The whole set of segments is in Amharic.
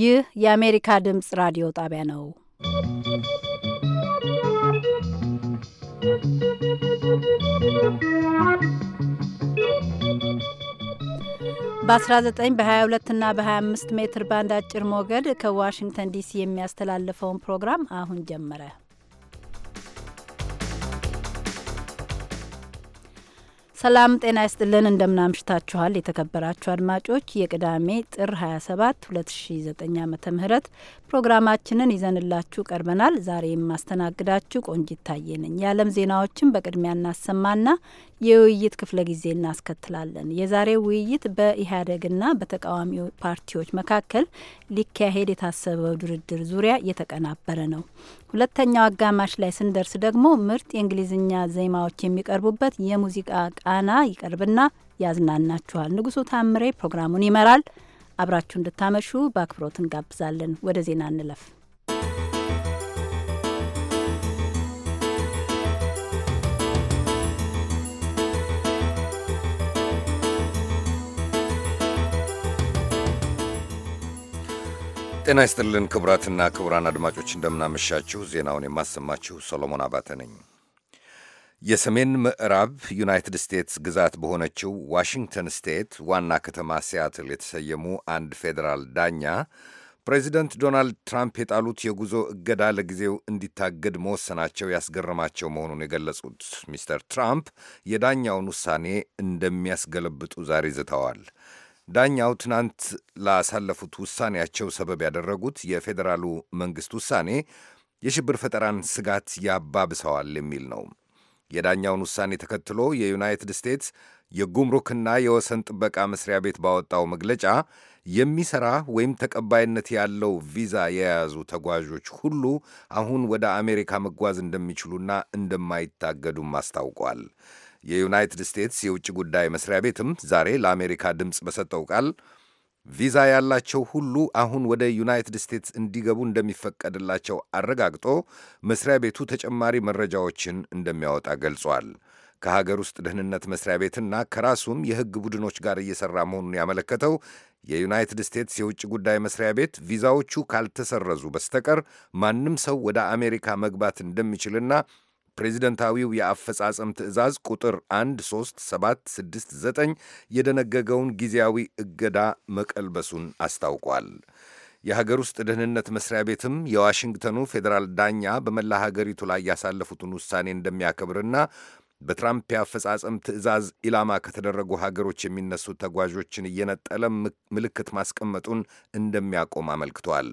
ይህ የአሜሪካ ድምፅ ራዲዮ ጣቢያ ነው። በ19 በ22 እና በ25 ሜትር ባንድ አጭር ሞገድ ከዋሽንግተን ዲሲ የሚያስተላልፈውን ፕሮግራም አሁን ጀመረ። ሰላም ጤና ይስጥልን። እንደምናምሽታችኋል የተከበራችሁ አድማጮች የቅዳሜ ጥር 27 2009 ዓ ም ፕሮግራማችንን ይዘንላችሁ ቀርበናል። ዛሬ የማስተናግዳችሁ ቆንጂት ታዬ ነኝ። የዓለም ዜናዎችን በቅድሚያ እናሰማና የውይይት ክፍለ ጊዜ እናስከትላለን። የዛሬው ውይይት በኢህአዴግና በተቃዋሚ ፓርቲዎች መካከል ሊካሄድ የታሰበው ድርድር ዙሪያ የተቀናበረ ነው። ሁለተኛው አጋማሽ ላይ ስንደርስ ደግሞ ምርጥ የእንግሊዝኛ ዜማዎች የሚቀርቡበት የሙዚቃ ቃና ይቀርብና ያዝናናችኋል። ንጉሱ ታምሬ ፕሮግራሙን ይመራል። አብራችሁ እንድታመሹ በአክብሮት እንጋብዛለን። ወደ ዜና እንለፍ። ጤና ይስጥልን ክቡራትና ክቡራን አድማጮች እንደምናመሻችሁ። ዜናውን የማሰማችሁ ሰሎሞን አባተ ነኝ። የሰሜን ምዕራብ ዩናይትድ ስቴትስ ግዛት በሆነችው ዋሽንግተን ስቴት ዋና ከተማ ሲያትል የተሰየሙ አንድ ፌዴራል ዳኛ ፕሬዚደንት ዶናልድ ትራምፕ የጣሉት የጉዞ እገዳ ለጊዜው እንዲታገድ መወሰናቸው ያስገረማቸው መሆኑን የገለጹት ሚስተር ትራምፕ የዳኛውን ውሳኔ እንደሚያስገለብጡ ዛሬ ዝተዋል። ዳኛው ትናንት ላሳለፉት ውሳኔያቸው ሰበብ ያደረጉት የፌዴራሉ መንግሥት ውሳኔ የሽብር ፈጠራን ስጋት ያባብሰዋል የሚል ነው። የዳኛውን ውሳኔ ተከትሎ የዩናይትድ ስቴትስ የጉምሩክና የወሰን ጥበቃ መስሪያ ቤት ባወጣው መግለጫ የሚሰራ ወይም ተቀባይነት ያለው ቪዛ የያዙ ተጓዦች ሁሉ አሁን ወደ አሜሪካ መጓዝ እንደሚችሉና እንደማይታገዱም አስታውቋል። የዩናይትድ ስቴትስ የውጭ ጉዳይ መስሪያ ቤትም ዛሬ ለአሜሪካ ድምፅ በሰጠው ቃል ቪዛ ያላቸው ሁሉ አሁን ወደ ዩናይትድ ስቴትስ እንዲገቡ እንደሚፈቀድላቸው አረጋግጦ መስሪያ ቤቱ ተጨማሪ መረጃዎችን እንደሚያወጣ ገልጿል። ከሀገር ውስጥ ደህንነት መስሪያ ቤትና ከራሱም የሕግ ቡድኖች ጋር እየሰራ መሆኑን ያመለከተው የዩናይትድ ስቴትስ የውጭ ጉዳይ መስሪያ ቤት ቪዛዎቹ ካልተሰረዙ በስተቀር ማንም ሰው ወደ አሜሪካ መግባት እንደሚችልና ፕሬዚደንታዊው የአፈጻጸም ትዕዛዝ ቁጥር 1 3 9 የደነገገውን ጊዜያዊ እገዳ መቀልበሱን አስታውቋል። የሀገር ውስጥ ደህንነት መስሪያ ቤትም የዋሽንግተኑ ፌዴራል ዳኛ በመላ ሀገሪቱ ላይ ያሳለፉትን ውሳኔ እንደሚያከብርና በትራምፕ የአፈጻጸም ትዕዛዝ ኢላማ ከተደረጉ ሀገሮች የሚነሱ ተጓዦችን እየነጠለ ምልክት ማስቀመጡን እንደሚያቆም አመልክቷል።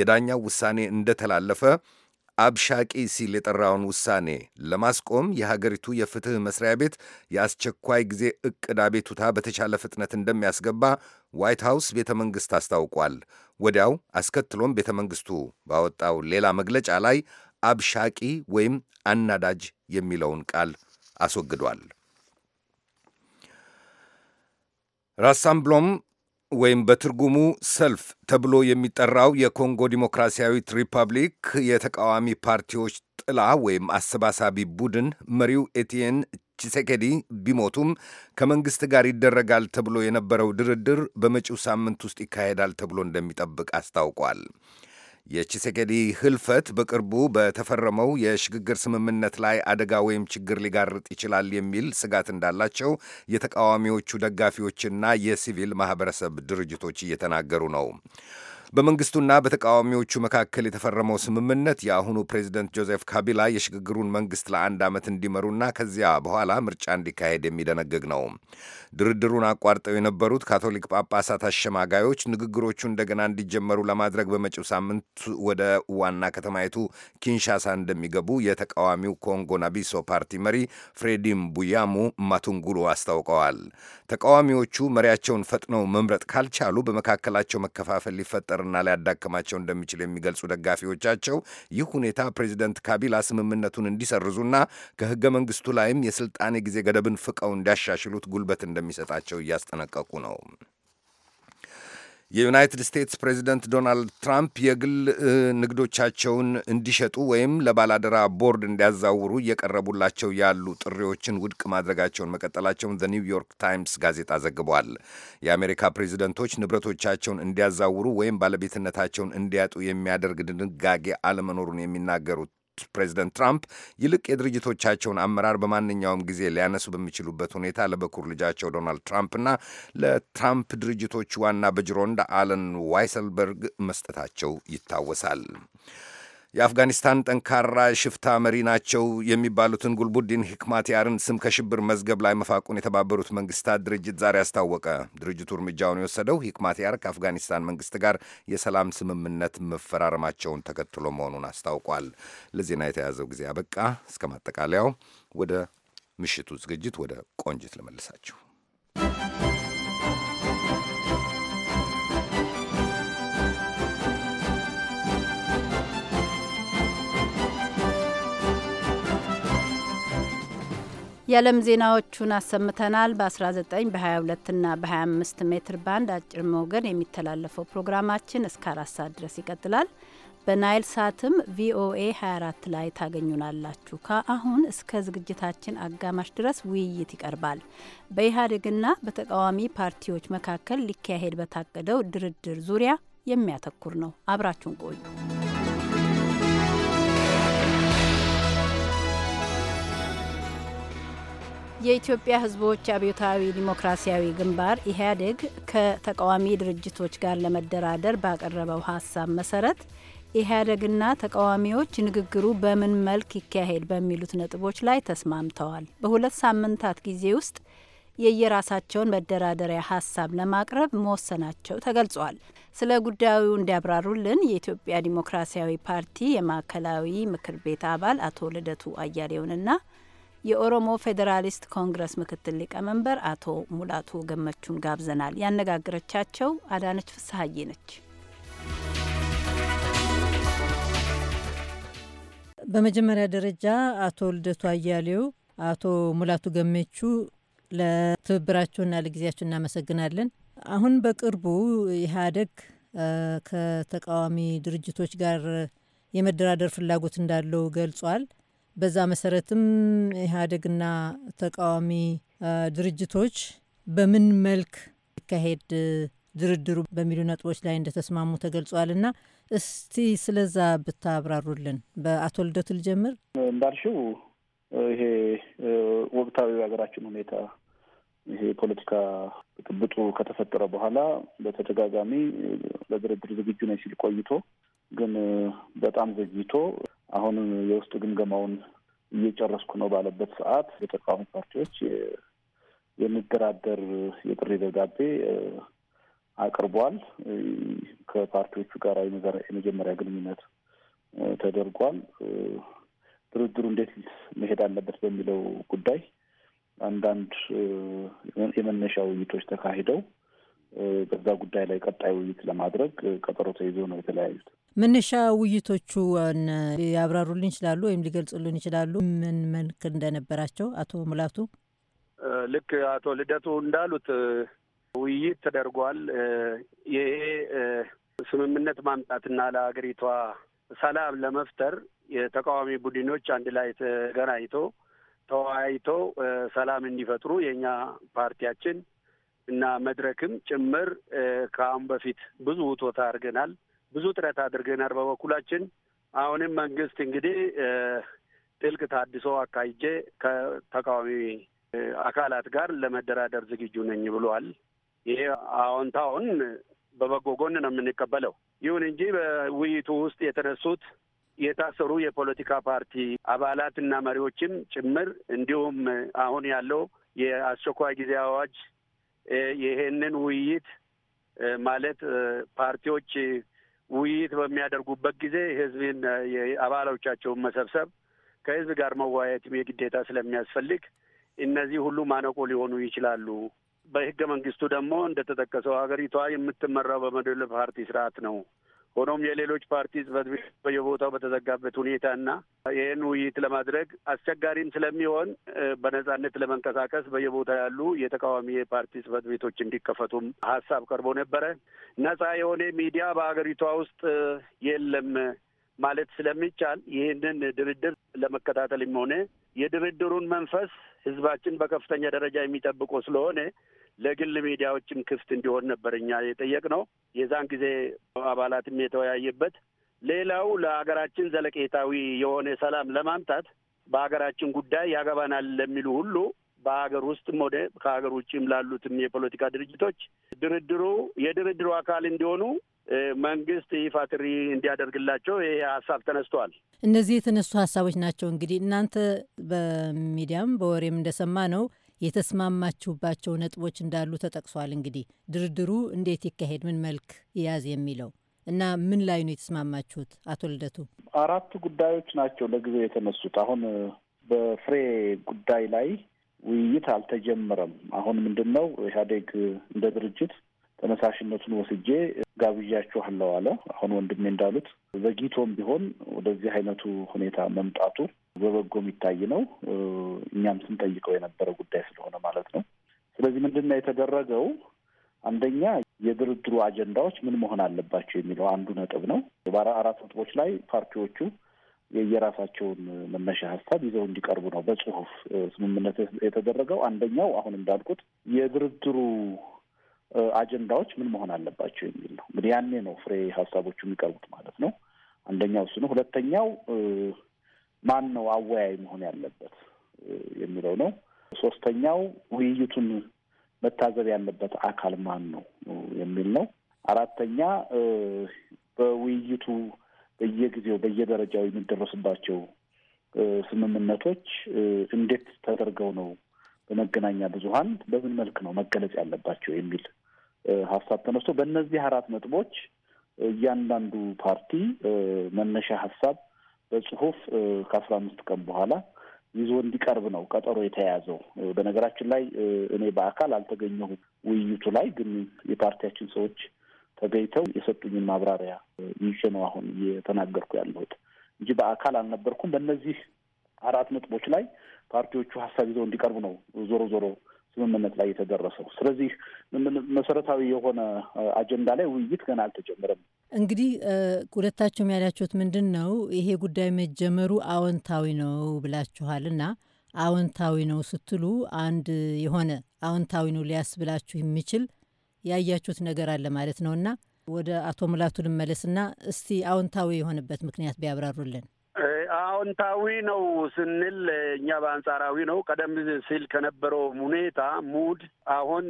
የዳኛው ውሳኔ እንደተላለፈ አብሻቂ ሲል የጠራውን ውሳኔ ለማስቆም የሀገሪቱ የፍትህ መስሪያ ቤት የአስቸኳይ ጊዜ እቅዳ አቤቱታ በተቻለ ፍጥነት እንደሚያስገባ ዋይት ሃውስ ቤተ መንግሥት አስታውቋል። ወዲያው አስከትሎም ቤተ መንግሥቱ ባወጣው ሌላ መግለጫ ላይ አብሻቂ ወይም አናዳጅ የሚለውን ቃል አስወግዷል። ራሳምብሎም ወይም በትርጉሙ ሰልፍ ተብሎ የሚጠራው የኮንጎ ዲሞክራሲያዊት ሪፐብሊክ የተቃዋሚ ፓርቲዎች ጥላ ወይም አሰባሳቢ ቡድን መሪው ኤቲየን ቺሴኬዲ ቢሞቱም ከመንግስት ጋር ይደረጋል ተብሎ የነበረው ድርድር በመጪው ሳምንት ውስጥ ይካሄዳል ተብሎ እንደሚጠብቅ አስታውቋል። የቺሴኬዲ ህልፈት በቅርቡ በተፈረመው የሽግግር ስምምነት ላይ አደጋ ወይም ችግር ሊጋርጥ ይችላል የሚል ስጋት እንዳላቸው የተቃዋሚዎቹ ደጋፊዎችና የሲቪል ማህበረሰብ ድርጅቶች እየተናገሩ ነው። በመንግስቱና በተቃዋሚዎቹ መካከል የተፈረመው ስምምነት የአሁኑ ፕሬዚደንት ጆዜፍ ካቢላ የሽግግሩን መንግስት ለአንድ ዓመት እንዲመሩና ከዚያ በኋላ ምርጫ እንዲካሄድ የሚደነግግ ነው። ድርድሩን አቋርጠው የነበሩት ካቶሊክ ጳጳሳት አሸማጋዮች ንግግሮቹ እንደገና እንዲጀመሩ ለማድረግ በመጪው ሳምንት ወደ ዋና ከተማይቱ ኪንሻሳ እንደሚገቡ የተቃዋሚው ኮንጎ ናቢሶ ፓርቲ መሪ ፍሬዲም ቡያሙ ማቱንጉሉ አስታውቀዋል። ተቃዋሚዎቹ መሪያቸውን ፈጥነው መምረጥ ካልቻሉ በመካከላቸው መከፋፈል ሊፈጠር ሊፈጠርና ሊያዳክማቸው እንደሚችል የሚገልጹ ደጋፊዎቻቸው ይህ ሁኔታ ፕሬዚደንት ካቢላ ስምምነቱን እንዲሰርዙና ከህገ መንግስቱ ላይም የስልጣኔ ጊዜ ገደብን ፍቀው እንዲያሻሽሉት ጉልበት እንደሚሰጣቸው እያስጠነቀቁ ነው። የዩናይትድ ስቴትስ ፕሬዚደንት ዶናልድ ትራምፕ የግል ንግዶቻቸውን እንዲሸጡ ወይም ለባላደራ ቦርድ እንዲያዛውሩ እየቀረቡላቸው ያሉ ጥሪዎችን ውድቅ ማድረጋቸውን መቀጠላቸውን ዘ ኒውዮርክ ታይምስ ጋዜጣ ዘግቧል። የአሜሪካ ፕሬዚደንቶች ንብረቶቻቸውን እንዲያዛውሩ ወይም ባለቤትነታቸውን እንዲያጡ የሚያደርግ ድንጋጌ አለመኖሩን የሚናገሩት ፕሬዚደንት ትራምፕ ይልቅ የድርጅቶቻቸውን አመራር በማንኛውም ጊዜ ሊያነሱ በሚችሉበት ሁኔታ ለበኩር ልጃቸው ዶናልድ ትራምፕና ለትራምፕ ድርጅቶች ዋና በጅሮንድ አለን ዋይሰልበርግ መስጠታቸው ይታወሳል። የአፍጋኒስታን ጠንካራ ሽፍታ መሪ ናቸው የሚባሉትን ጉልቡዲን ሂክማትያርን ስም ከሽብር መዝገብ ላይ መፋቁን የተባበሩት መንግስታት ድርጅት ዛሬ አስታወቀ። ድርጅቱ እርምጃውን የወሰደው ሂክማትያር ከአፍጋኒስታን መንግስት ጋር የሰላም ስምምነት መፈራረማቸውን ተከትሎ መሆኑን አስታውቋል። ለዜና የተያዘው ጊዜ አበቃ። እስከ ማጠቃለያው ወደ ምሽቱ ዝግጅት ወደ ቆንጅት ልመልሳችሁ። የዓለም ዜናዎቹን አሰምተናል። በ19 በ22 ና በ25 ሜትር ባንድ አጭር ሞገድ የሚተላለፈው ፕሮግራማችን እስከ አራት ሰዓት ድረስ ይቀጥላል። በናይል ሳትም ቪኦኤ 24 ላይ ታገኙናላችሁ። ከአሁን እስከ ዝግጅታችን አጋማሽ ድረስ ውይይት ይቀርባል። በኢህአዴግና በተቃዋሚ ፓርቲዎች መካከል ሊካሄድ በታቀደው ድርድር ዙሪያ የሚያተኩር ነው። አብራችሁን ቆዩ። የኢትዮጵያ ሕዝቦች አብዮታዊ ዲሞክራሲያዊ ግንባር ኢህአዴግ ከተቃዋሚ ድርጅቶች ጋር ለመደራደር ባቀረበው ሀሳብ መሰረት ኢህአዴግና ተቃዋሚዎች ንግግሩ በምን መልክ ይካሄድ በሚሉት ነጥቦች ላይ ተስማምተዋል። በሁለት ሳምንታት ጊዜ ውስጥ የየራሳቸውን መደራደሪያ ሀሳብ ለማቅረብ መወሰናቸው ተገልጿል። ስለ ጉዳዩ እንዲያብራሩልን የኢትዮጵያ ዲሞክራሲያዊ ፓርቲ የማዕከላዊ ምክር ቤት አባል አቶ ልደቱ አያሌውንና የኦሮሞ ፌዴራሊስት ኮንግረስ ምክትል ሊቀመንበር አቶ ሙላቱ ገመቹን ጋብዘናል። ያነጋግረቻቸው አዳነች ፍስሀዬ ነች። በመጀመሪያ ደረጃ አቶ ልደቱ አያሌው፣ አቶ ሙላቱ ገመቹ ለትብብራችሁና ለጊዜያችሁ እናመሰግናለን። አሁን በቅርቡ ኢህአዴግ ከተቃዋሚ ድርጅቶች ጋር የመደራደር ፍላጎት እንዳለው ገልጿል። በዛ መሰረትም ኢህአዴግና ተቃዋሚ ድርጅቶች በምን መልክ ይካሄድ ድርድሩ በሚሉ ነጥቦች ላይ እንደተስማሙ እና እስቲ ስለዛ ብታብራሩልን። በአቶ ልደቱ ልጀምር። እንዳልሽው ይሄ ወቅታዊ የሀገራችን ሁኔታ ይሄ ፖለቲካ ብጥብጡ ከተፈጠረ በኋላ በተደጋጋሚ ለድርድር ዝግጁ ነኝ ሲል ቆይቶ ግን በጣም ዘግይቶ አሁን የውስጥ ግምገማውን እየጨረስኩ ነው ባለበት ሰዓት የተቃዋሚ ፓርቲዎች የሚደራደር የጥሪ ደብዳቤ አቅርቧል። ከፓርቲዎቹ ጋር የመጀመሪያ ግንኙነት ተደርጓል። ድርድሩ እንዴት መሄድ አለበት በሚለው ጉዳይ አንዳንድ የመነሻ ውይይቶች ተካሂደው በዛ ጉዳይ ላይ ቀጣይ ውይይት ለማድረግ ቀጠሮ ተይዞ ነው የተለያዩት። መነሻ ውይይቶቹ ያብራሩልን ይችላሉ ወይም ሊገልጹልን ይችላሉ? ምን መልክ እንደነበራቸው አቶ ሙላቱ። ልክ አቶ ልደቱ እንዳሉት ውይይት ተደርጓል። ይሄ ስምምነት ማምጣትና ለሀገሪቷ ሰላም ለመፍጠር የተቃዋሚ ቡድኖች አንድ ላይ ተገናኝቶ ተወያይቶ ሰላም እንዲፈጥሩ የእኛ ፓርቲያችን እና መድረክም ጭምር ከአሁን በፊት ብዙ ውቶታ አድርገናል፣ ብዙ ጥረት አድርገናል በበኩላችን። አሁንም መንግስት እንግዲህ ጥልቅ ታድሶ አካሂጄ ከተቃዋሚ አካላት ጋር ለመደራደር ዝግጁ ነኝ ብሏል። ይሄ አዎንታውን በበጎ ጎን ነው የምንቀበለው። ይሁን እንጂ በውይይቱ ውስጥ የተነሱት የታሰሩ የፖለቲካ ፓርቲ አባላት እና መሪዎችም ጭምር እንዲሁም አሁን ያለው የአስቸኳይ ጊዜ አዋጅ ይሄንን ውይይት ማለት ፓርቲዎች ውይይት በሚያደርጉበት ጊዜ ህዝብን አባሎቻቸውን መሰብሰብ ከህዝብ ጋር መወያየትም የግዴታ ስለሚያስፈልግ እነዚህ ሁሉ ማነቆ ሊሆኑ ይችላሉ። በህገ መንግስቱ ደግሞ እንደተጠቀሰው ሀገሪቷ የምትመራው በመድበለ ፓርቲ ስርዓት ነው። ሆኖም የሌሎች ፓርቲ ጽሕፈት ቤት በየቦታው በተዘጋበት ሁኔታ እና ይህን ውይይት ለማድረግ አስቸጋሪም ስለሚሆን በነጻነት ለመንቀሳቀስ በየቦታው ያሉ የተቃዋሚ የፓርቲ ጽሕፈት ቤቶች እንዲከፈቱም ሀሳብ ቀርቦ ነበረ። ነጻ የሆነ ሚዲያ በሀገሪቷ ውስጥ የለም ማለት ስለሚቻል ይህንን ድርድር ለመከታተልም ሆነ የድርድሩን መንፈስ ህዝባችን በከፍተኛ ደረጃ የሚጠብቆ ስለሆነ ለግል ሚዲያዎችም ክፍት እንዲሆን ነበር እኛ የጠየቅነው። የዛን ጊዜ አባላትም የተወያየበት ሌላው ለሀገራችን ዘለቄታዊ የሆነ ሰላም ለማምጣት በሀገራችን ጉዳይ ያገባናል ለሚሉ ሁሉ በሀገር ውስጥም ሆነ ከሀገር ውጭም ላሉትም የፖለቲካ ድርጅቶች ድርድሩ የድርድሩ አካል እንዲሆኑ መንግስት ይፋ ጥሪ እንዲያደርግላቸው ይሄ ሀሳብ ተነስተዋል። እነዚህ የተነሱ ሀሳቦች ናቸው። እንግዲህ እናንተ በሚዲያም በወሬም እንደሰማ ነው የተስማማችሁባቸው ነጥቦች እንዳሉ ተጠቅሷል። እንግዲህ ድርድሩ እንዴት ይካሄድ፣ ምን መልክ ይያዝ የሚለው እና ምን ላይ ነው የተስማማችሁት? አቶ ልደቱ፣ አራት ጉዳዮች ናቸው ለጊዜው የተነሱት። አሁን በፍሬ ጉዳይ ላይ ውይይት አልተጀመረም። አሁን ምንድን ነው ኢህአዴግ እንደ ድርጅት ተነሳሽነቱን ወስጄ ጋብዣችኋለሁ አለ። አሁን ወንድሜ እንዳሉት ዘግይቶም ቢሆን ወደዚህ አይነቱ ሁኔታ መምጣቱ በበጎ የሚታይ ነው። እኛም ስንጠይቀው የነበረ ጉዳይ ስለሆነ ማለት ነው። ስለዚህ ምንድን ነው የተደረገው? አንደኛ የድርድሩ አጀንዳዎች ምን መሆን አለባቸው የሚለው አንዱ ነጥብ ነው። በአራት ነጥቦች ላይ ፓርቲዎቹ የየራሳቸውን መነሻ ሀሳብ ይዘው እንዲቀርቡ ነው በጽሁፍ ስምምነት የተደረገው። አንደኛው አሁን እንዳልኩት የድርድሩ አጀንዳዎች ምን መሆን አለባቸው የሚል ነው። እንግዲህ ያኔ ነው ፍሬ ሀሳቦቹ የሚቀርቡት ማለት ነው። አንደኛው እሱ ነው። ሁለተኛው ማን ነው አወያይ መሆን ያለበት የሚለው ነው። ሶስተኛው ውይይቱን መታዘብ ያለበት አካል ማን ነው የሚል ነው። አራተኛ በውይይቱ በየጊዜው በየደረጃው የሚደረስባቸው ስምምነቶች እንዴት ተደርገው ነው በመገናኛ ብዙኃን በምን መልክ ነው መገለጽ ያለባቸው የሚል ሀሳብ ተነስቶ በእነዚህ አራት ነጥቦች እያንዳንዱ ፓርቲ መነሻ ሀሳብ በጽሁፍ ከአስራ አምስት ቀን በኋላ ይዞ እንዲቀርብ ነው ቀጠሮ የተያያዘው በነገራችን ላይ እኔ በአካል አልተገኘሁም ውይይቱ ላይ ግን የፓርቲያችን ሰዎች ተገኝተው የሰጡኝን ማብራሪያ ይዤ ነው አሁን እየተናገርኩ ያለሁት እንጂ በአካል አልነበርኩም። በእነዚህ አራት ነጥቦች ላይ ፓርቲዎቹ ሀሳብ ይዘው እንዲቀርቡ ነው ዞሮ ዞሮ ስምምነት ላይ የተደረሰው። ስለዚህ መሰረታዊ የሆነ አጀንዳ ላይ ውይይት ገና አልተጀመረም። እንግዲህ ሁለታችሁም ያላችሁት ምንድን ነው ይሄ ጉዳይ መጀመሩ አዎንታዊ ነው ብላችኋል እና አዎንታዊ ነው ስትሉ አንድ የሆነ አዎንታዊ ነው ሊያስብላችሁ የሚችል ያያችሁት ነገር አለ ማለት ነው እና ወደ አቶ ሙላቱ ልመለስና እስቲ አዎንታዊ የሆነበት ምክንያት ቢያብራሩልን። አዎንታዊ ነው ስንል እኛ በአንጻራዊ ነው። ቀደም ሲል ከነበረው ሁኔታ ሙድ አሁን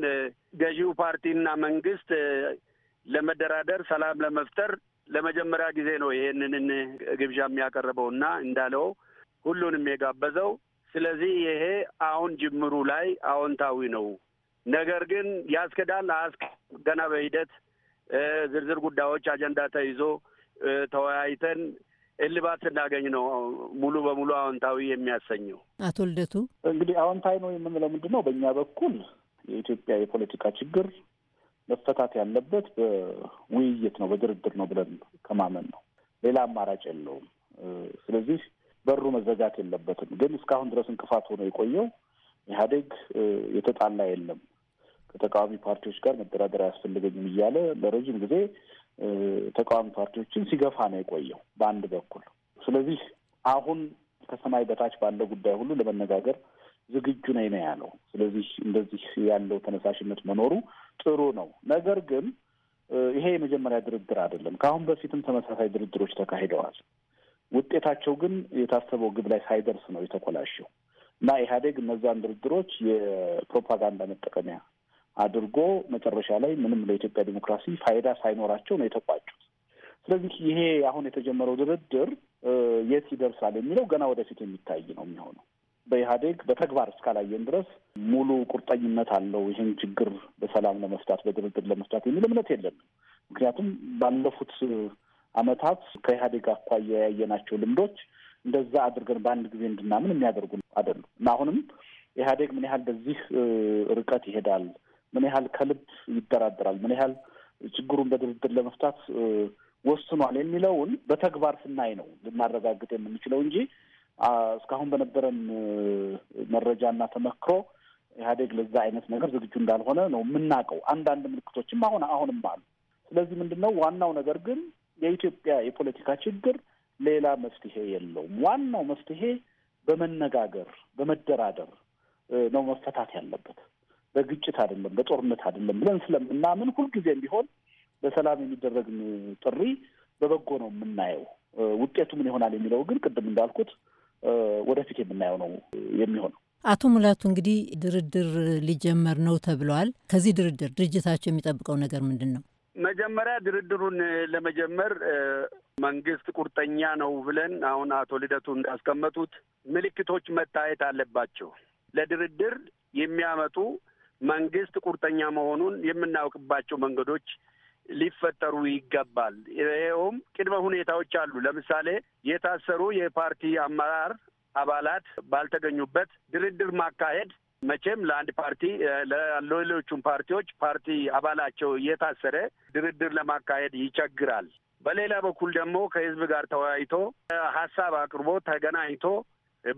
ገዢው ፓርቲና መንግስት ለመደራደር፣ ሰላም ለመፍጠር ለመጀመሪያ ጊዜ ነው ይሄንን ግብዣ የሚያቀርበው እና እንዳለው ሁሉንም የጋበዘው። ስለዚህ ይሄ አሁን ጅምሩ ላይ አዎንታዊ ነው። ነገር ግን ያስክዳል አስክ ገና በሂደት ዝርዝር ጉዳዮች አጀንዳ ተይዞ ተወያይተን እልባት ስናገኝ ነው ሙሉ በሙሉ አዎንታዊ የሚያሰኘው። አቶ ልደቱ፣ እንግዲህ አዎንታዊ ነው የምንለው ምንድን ነው? በእኛ በኩል የኢትዮጵያ የፖለቲካ ችግር መፈታት ያለበት በውይይት ነው፣ በድርድር ነው ብለን ከማመን ነው። ሌላ አማራጭ የለውም። ስለዚህ በሩ መዘጋት የለበትም። ግን እስካሁን ድረስ እንቅፋት ሆኖ የቆየው ኢህአዴግ የተጣላ የለም ከተቃዋሚ ፓርቲዎች ጋር መደራደር አያስፈልገኝም እያለ ለረጅም ጊዜ ተቃዋሚ ፓርቲዎችን ሲገፋ ነው የቆየው በአንድ በኩል። ስለዚህ አሁን ከሰማይ በታች ባለ ጉዳይ ሁሉ ለመነጋገር ዝግጁ ነኝ ነው ያለው። ስለዚህ እንደዚህ ያለው ተነሳሽነት መኖሩ ጥሩ ነው። ነገር ግን ይሄ የመጀመሪያ ድርድር አይደለም። ከአሁን በፊትም ተመሳሳይ ድርድሮች ተካሂደዋል። ውጤታቸው ግን የታሰበው ግብ ላይ ሳይደርስ ነው የተኮላሸው እና ኢህአዴግ እነዛን ድርድሮች የፕሮፓጋንዳ መጠቀሚያ አድርጎ መጨረሻ ላይ ምንም ለኢትዮጵያ ዲሞክራሲ ፋይዳ ሳይኖራቸው ነው የተቋጩት። ስለዚህ ይሄ አሁን የተጀመረው ድርድር የት ይደርሳል የሚለው ገና ወደፊት የሚታይ ነው የሚሆነው። በኢህአዴግ በተግባር እስካላየን ድረስ ሙሉ ቁርጠኝነት አለው ይህን ችግር በሰላም ለመፍታት በድርድር ለመፍታት የሚል እምነት የለንም። ምክንያቱም ባለፉት ዓመታት ከኢህአዴግ አኳያ ያየናቸው ልምዶች እንደዛ አድርገን በአንድ ጊዜ እንድናምን የሚያደርጉ አይደሉም እና አሁንም ኢህአዴግ ምን ያህል በዚህ ርቀት ይሄዳል፣ ምን ያህል ከልብ ይደራደራል፣ ምን ያህል ችግሩን በድርድር ለመፍታት ወስኗል የሚለውን በተግባር ስናይ ነው ልናረጋግጥ የምንችለው እንጂ እስካሁን በነበረን መረጃና ተመክሮ ኢህአዴግ ለዛ አይነት ነገር ዝግጁ እንዳልሆነ ነው የምናውቀው። አንዳንድ ምልክቶችም አሁን አሁንም አሉ። ስለዚህ ምንድን ነው ዋናው ነገር ግን የኢትዮጵያ የፖለቲካ ችግር ሌላ መፍትሄ የለውም። ዋናው መፍትሄ በመነጋገር በመደራደር ነው መፈታት ያለበት፣ በግጭት አይደለም፣ በጦርነት አይደለም ብለን ስለምናምን ሁልጊዜም ቢሆን በሰላም የሚደረግን ጥሪ በበጎ ነው የምናየው። ውጤቱ ምን ይሆናል የሚለው ግን ቅድም እንዳልኩት ወደፊት የምናየው ነው የሚሆነው። አቶ ሙላቱ እንግዲህ ድርድር ሊጀመር ነው ተብለዋል። ከዚህ ድርድር ድርጅታቸው የሚጠብቀው ነገር ምንድን ነው? መጀመሪያ ድርድሩን ለመጀመር መንግስት ቁርጠኛ ነው ብለን አሁን አቶ ልደቱ እንዳስቀመጡት ምልክቶች መታየት አለባቸው። ለድርድር የሚያመጡ መንግስት ቁርጠኛ መሆኑን የምናውቅባቸው መንገዶች ሊፈጠሩ ይገባል። ይኸውም ቅድመ ሁኔታዎች አሉ። ለምሳሌ የታሰሩ የፓርቲ አመራር አባላት ባልተገኙበት ድርድር ማካሄድ መቼም ለአንድ ፓርቲ ለሌሎቹም ፓርቲዎች ፓርቲ አባላቸው እየታሰረ ድርድር ለማካሄድ ይቸግራል። በሌላ በኩል ደግሞ ከህዝብ ጋር ተወያይቶ ሀሳብ አቅርቦ ተገናኝቶ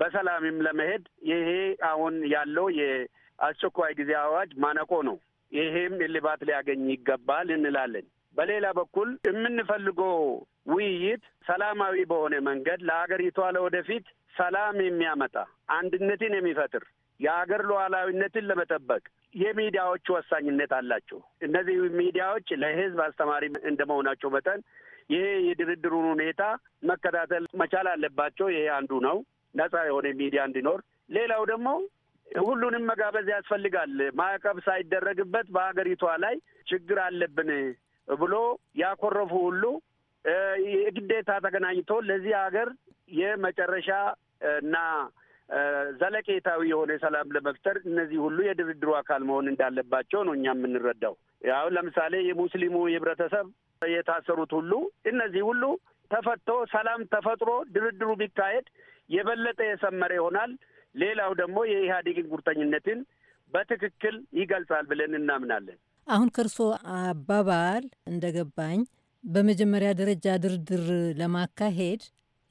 በሰላምም ለመሄድ ይሄ አሁን ያለው የአስቸኳይ ጊዜ አዋጅ ማነቆ ነው። ይሄም እልባት ሊያገኝ ይገባል እንላለን። በሌላ በኩል የምንፈልገው ውይይት ሰላማዊ በሆነ መንገድ ለሀገሪቷ ለወደፊት ሰላም የሚያመጣ አንድነትን የሚፈጥር የሀገር ሉዓላዊነትን ለመጠበቅ የሚዲያዎች ወሳኝነት አላቸው። እነዚህ ሚዲያዎች ለሕዝብ አስተማሪ እንደመሆናቸው መጠን ይሄ የድርድሩን ሁኔታ መከታተል መቻል አለባቸው። ይሄ አንዱ ነው፣ ነጻ የሆነ ሚዲያ እንዲኖር። ሌላው ደግሞ ሁሉንም መጋበዝ ያስፈልጋል። ማዕቀብ ሳይደረግበት በሀገሪቷ ላይ ችግር አለብን ብሎ ያኮረፉ ሁሉ የግዴታ ተገናኝቶ ለዚህ ሀገር የመጨረሻ እና ዘለቄታዊ የሆነ ሰላም ለመፍጠር እነዚህ ሁሉ የድርድሩ አካል መሆን እንዳለባቸው ነው እኛ የምንረዳው። አሁን ለምሳሌ የሙስሊሙ ህብረተሰብ የታሰሩት ሁሉ እነዚህ ሁሉ ተፈቶ ሰላም ተፈጥሮ ድርድሩ ቢካሄድ የበለጠ የሰመረ ይሆናል። ሌላው ደግሞ የኢህአዴግን ቁርጠኝነትን በትክክል ይገልጻል ብለን እናምናለን። አሁን ከእርሶ አባባል እንደገባኝ በመጀመሪያ ደረጃ ድርድር ለማካሄድ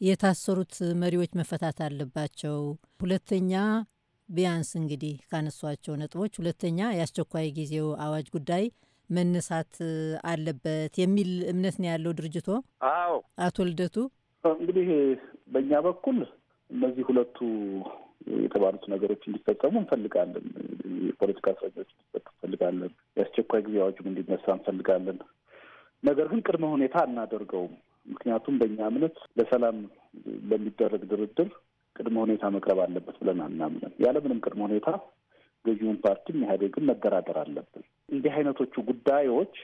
የታሰሩት መሪዎች መፈታት አለባቸው። ሁለተኛ ቢያንስ እንግዲህ ካነሷቸው ነጥቦች ሁለተኛ የአስቸኳይ ጊዜው አዋጅ ጉዳይ መነሳት አለበት የሚል እምነት ነው ያለው ድርጅቶ? አዎ። አቶ ልደቱ እንግዲህ በእኛ በኩል እነዚህ ሁለቱ የተባሉት ነገሮች እንዲፈጸሙ እንፈልጋለን። የፖለቲካ እስረኞች እንዲፈቱ እንፈልጋለን። የአስቸኳይ ጊዜ አዋጁም እንዲነሳ እንፈልጋለን። ነገር ግን ቅድመ ሁኔታ አናደርገውም። ምክንያቱም በእኛ እምነት ለሰላም ለሚደረግ ድርድር ቅድመ ሁኔታ መቅረብ አለበት ብለን አናምንም። ያለምንም ቅድመ ሁኔታ ገዢውን ፓርቲም ኢህአዴግን መደራደር አለብን። እንዲህ አይነቶቹ ጉዳዮች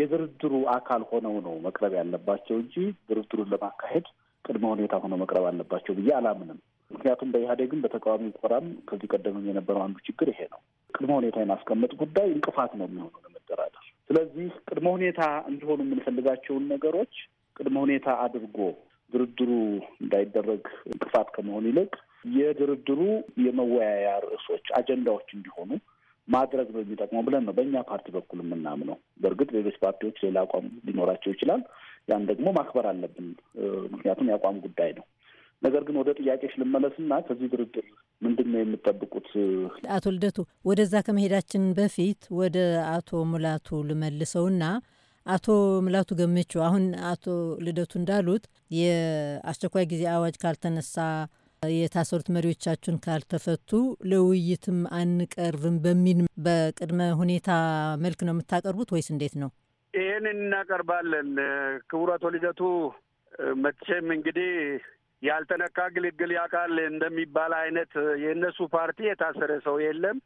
የድርድሩ አካል ሆነው ነው መቅረብ ያለባቸው እንጂ ድርድሩን ለማካሄድ ቅድመ ሁኔታ ሆነው መቅረብ አለባቸው ብዬ አላምንም። ምክንያቱም በኢህአዴግም በተቃዋሚ ቆራም ከዚህ ቀደም የነበረው አንዱ ችግር ይሄ ነው። ቅድመ ሁኔታ የማስቀመጥ ጉዳይ እንቅፋት ነው የሚሆነው ለመደራደር። ስለዚህ ቅድመ ሁኔታ እንዲሆኑ የምንፈልጋቸውን ነገሮች ቅድመ ሁኔታ አድርጎ ድርድሩ እንዳይደረግ እንቅፋት ከመሆን ይልቅ የድርድሩ የመወያያ ርዕሶች አጀንዳዎች እንዲሆኑ ማድረግ ነው የሚጠቅመው ብለን ነው በእኛ ፓርቲ በኩል የምናምነው። በእርግጥ ሌሎች ፓርቲዎች ሌላ አቋም ሊኖራቸው ይችላል። ያን ደግሞ ማክበር አለብን፣ ምክንያቱም የአቋም ጉዳይ ነው። ነገር ግን ወደ ጥያቄዎች ልመለስና ከዚህ ድርድር ምንድን ነው የምጠብቁት? አቶ ልደቱ ወደዛ ከመሄዳችን በፊት ወደ አቶ ሙላቱ ልመልሰውና አቶ ሙላቱ ገመቹ አሁን አቶ ልደቱ እንዳሉት የአስቸኳይ ጊዜ አዋጅ ካልተነሳ የታሰሩት መሪዎቻችን ካልተፈቱ ለውይይትም አንቀርብም በሚል በቅድመ ሁኔታ መልክ ነው የምታቀርቡት ወይስ እንዴት ነው? ይህን እናቀርባለን። ክቡር አቶ ልደቱ መቼም እንግዲህ ያልተነካ ግልግል ያውቃል እንደሚባል አይነት የእነሱ ፓርቲ የታሰረ ሰው የለም።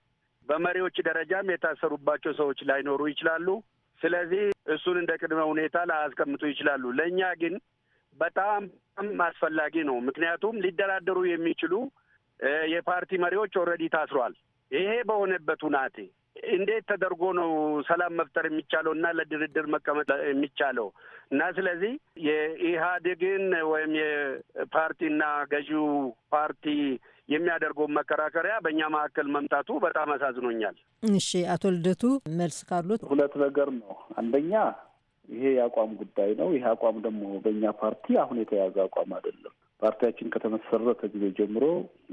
በመሪዎች ደረጃም የታሰሩባቸው ሰዎች ላይኖሩ ይችላሉ። ስለዚህ እሱን እንደ ቅድመ ሁኔታ ላያስቀምጡ ይችላሉ። ለእኛ ግን በጣም በጣም አስፈላጊ ነው። ምክንያቱም ሊደራደሩ የሚችሉ የፓርቲ መሪዎች ኦልሬዲ ታስሯል። ይሄ በሆነበት ሁናቴ እንዴት ተደርጎ ነው ሰላም መፍጠር የሚቻለው እና ለድርድር መቀመጥ የሚቻለው? እና ስለዚህ የኢህአዴግን ወይም የፓርቲና ገዢው ፓርቲ የሚያደርገውን መከራከሪያ በእኛ መካከል መምጣቱ በጣም አሳዝኖኛል። እሺ፣ አቶ ልደቱ መልስ ካሉት። ሁለት ነገር ነው። አንደኛ ይሄ የአቋም ጉዳይ ነው። ይሄ አቋም ደግሞ በእኛ ፓርቲ አሁን የተያዘ አቋም አይደለም። ፓርቲያችን ከተመሰረተ ጊዜ ጀምሮ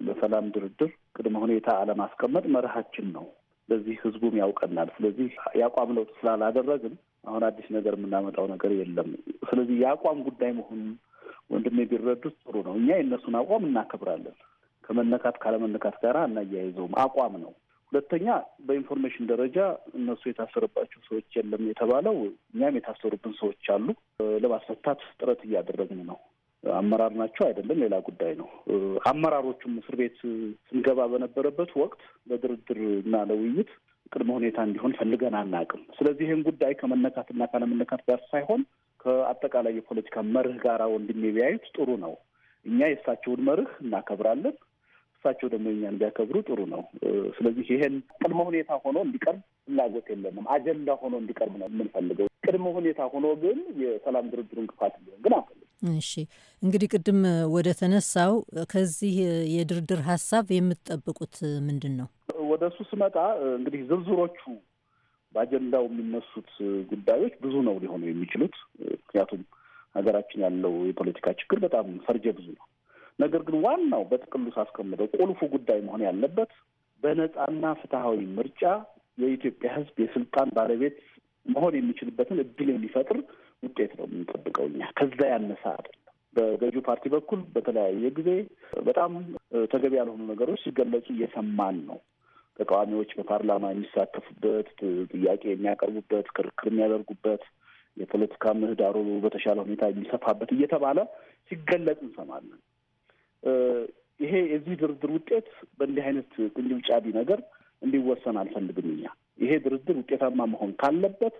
ለሰላም ድርድር ቅድመ ሁኔታ አለማስቀመጥ መርሃችን ነው። ለዚህ ህዝቡም ያውቀናል። ስለዚህ የአቋም ለውጥ ስላላደረግን አሁን አዲስ ነገር የምናመጣው ነገር የለም። ስለዚህ የአቋም ጉዳይ መሆኑን ወንድሜ ቢረዱት ጥሩ ነው። እኛ የእነሱን አቋም እናከብራለን። ከመነካት ካለመነካት ጋር አናያይዘውም። አቋም ነው። ሁለተኛ በኢንፎርሜሽን ደረጃ እነሱ የታሰረባቸው ሰዎች የለም የተባለው እኛም የታሰሩብን ሰዎች አሉ። ለማስፈታት ጥረት እያደረግን ነው። አመራር ናቸው አይደለም፣ ሌላ ጉዳይ ነው። አመራሮቹም እስር ቤት ስንገባ በነበረበት ወቅት ለድርድር እና ለውይይት ቅድመ ሁኔታ እንዲሆን ፈልገን አናውቅም። ስለዚህ ይህን ጉዳይ ከመነካትና ካለመነካት ጋር ሳይሆን ከአጠቃላይ የፖለቲካ መርህ ጋር ወንድሜ ቢያዩት ጥሩ ነው። እኛ የእሳቸውን መርህ እናከብራለን፣ እሳቸው ደግሞ እኛን ቢያከብሩ ጥሩ ነው። ስለዚህ ይሄን ቅድመ ሁኔታ ሆኖ እንዲቀርብ ፍላጎት የለንም። አጀንዳ ሆኖ እንዲቀርብ ነው የምንፈልገው። ቅድመ ሁኔታ ሆኖ ግን የሰላም ድርድሩ እንቅፋት ሊሆን ግን አንፈልግም። እሺ እንግዲህ ቅድም ወደ ተነሳው ከዚህ የድርድር ሀሳብ የምትጠብቁት ምንድን ነው? ወደ እሱ ስመጣ እንግዲህ ዝርዝሮቹ በአጀንዳው የሚነሱት ጉዳዮች ብዙ ነው ሊሆኑ የሚችሉት ምክንያቱም ሀገራችን ያለው የፖለቲካ ችግር በጣም ፈርጀ ብዙ ነው። ነገር ግን ዋናው በጥቅሉ ሳስቀምጠው ቁልፉ ጉዳይ መሆን ያለበት በነጻና ፍትሐዊ ምርጫ የኢትዮጵያ ሕዝብ የስልጣን ባለቤት መሆን የሚችልበትን እድል የሚፈጥር ውጤት ነው የምንጠብቀው እኛ ከዛ ያነሳ አይደለም። በገዢው ፓርቲ በኩል በተለያየ ጊዜ በጣም ተገቢ ያልሆኑ ነገሮች ሲገለጹ እየሰማን ነው። ተቃዋሚዎች በፓርላማ የሚሳተፉበት ጥያቄ የሚያቀርቡበት ክርክር የሚያደርጉበት የፖለቲካ ምህዳሩ በተሻለ ሁኔታ የሚሰፋበት እየተባለ ሲገለጽ እንሰማለን። ይሄ የዚህ ድርድር ውጤት በእንዲህ አይነት ቅንጅብ ጫቢ ነገር እንዲወሰን አልፈልግም እኛ። ይሄ ድርድር ውጤታማ መሆን ካለበት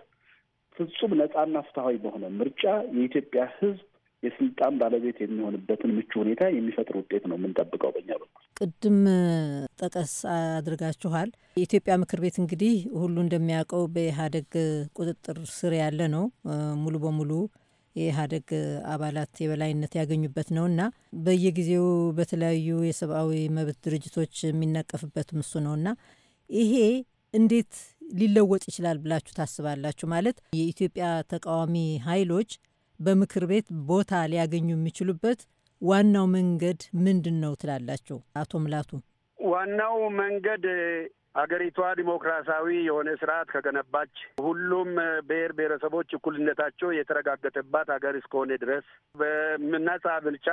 ፍጹም ነጻና ፍትሐዊ በሆነ ምርጫ የኢትዮጵያ ህዝብ የስልጣን ባለቤት የሚሆንበትን ምቹ ሁኔታ የሚፈጥር ውጤት ነው የምንጠብቀው በኛ በኩል። ቅድም ጠቀስ አድርጋችኋል። የኢትዮጵያ ምክር ቤት እንግዲህ ሁሉ እንደሚያውቀው በኢህአዴግ ቁጥጥር ስር ያለ ነው። ሙሉ በሙሉ የኢህአዴግ አባላት የበላይነት ያገኙበት ነው እና በየጊዜው በተለያዩ የሰብአዊ መብት ድርጅቶች የሚነቀፍበትም እሱ ነው እና ይሄ እንዴት ሊለወጥ ይችላል ብላችሁ ታስባላችሁ? ማለት የኢትዮጵያ ተቃዋሚ ኃይሎች በምክር ቤት ቦታ ሊያገኙ የሚችሉበት ዋናው መንገድ ምንድን ነው ትላላችሁ? አቶ ምላቱ፣ ዋናው መንገድ አገሪቷ ዲሞክራሲያዊ የሆነ ስርዓት ከገነባች ሁሉም ብሔር ብሔረሰቦች እኩልነታቸው የተረጋገጠባት ሀገር እስከሆነ ድረስ በነጻ ምርጫ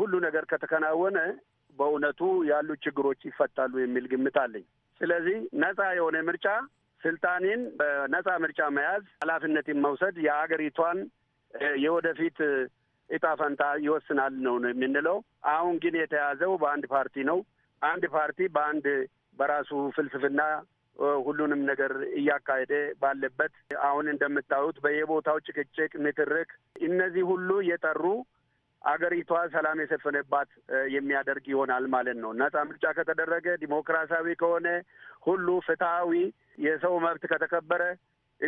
ሁሉ ነገር ከተከናወነ በእውነቱ ያሉ ችግሮች ይፈታሉ የሚል ግምት አለኝ። ስለዚህ ነጻ የሆነ ምርጫ ስልጣኔን በነጻ ምርጫ መያዝ፣ ኃላፊነትን መውሰድ የአገሪቷን የወደፊት እጣ ፈንታ ይወስናል ነው የምንለው። አሁን ግን የተያዘው በአንድ ፓርቲ ነው። አንድ ፓርቲ በአንድ በራሱ ፍልስፍና ሁሉንም ነገር እያካሄደ ባለበት አሁን እንደምታዩት በየቦታው ጭቅጭቅ፣ ንትርክ፣ እነዚህ ሁሉ የጠሩ አገሪቷ ሰላም የሰፈነባት የሚያደርግ ይሆናል ማለት ነው። ነጻ ምርጫ ከተደረገ ዲሞክራሲያዊ ከሆነ ሁሉ ፍትሐዊ የሰው መብት ከተከበረ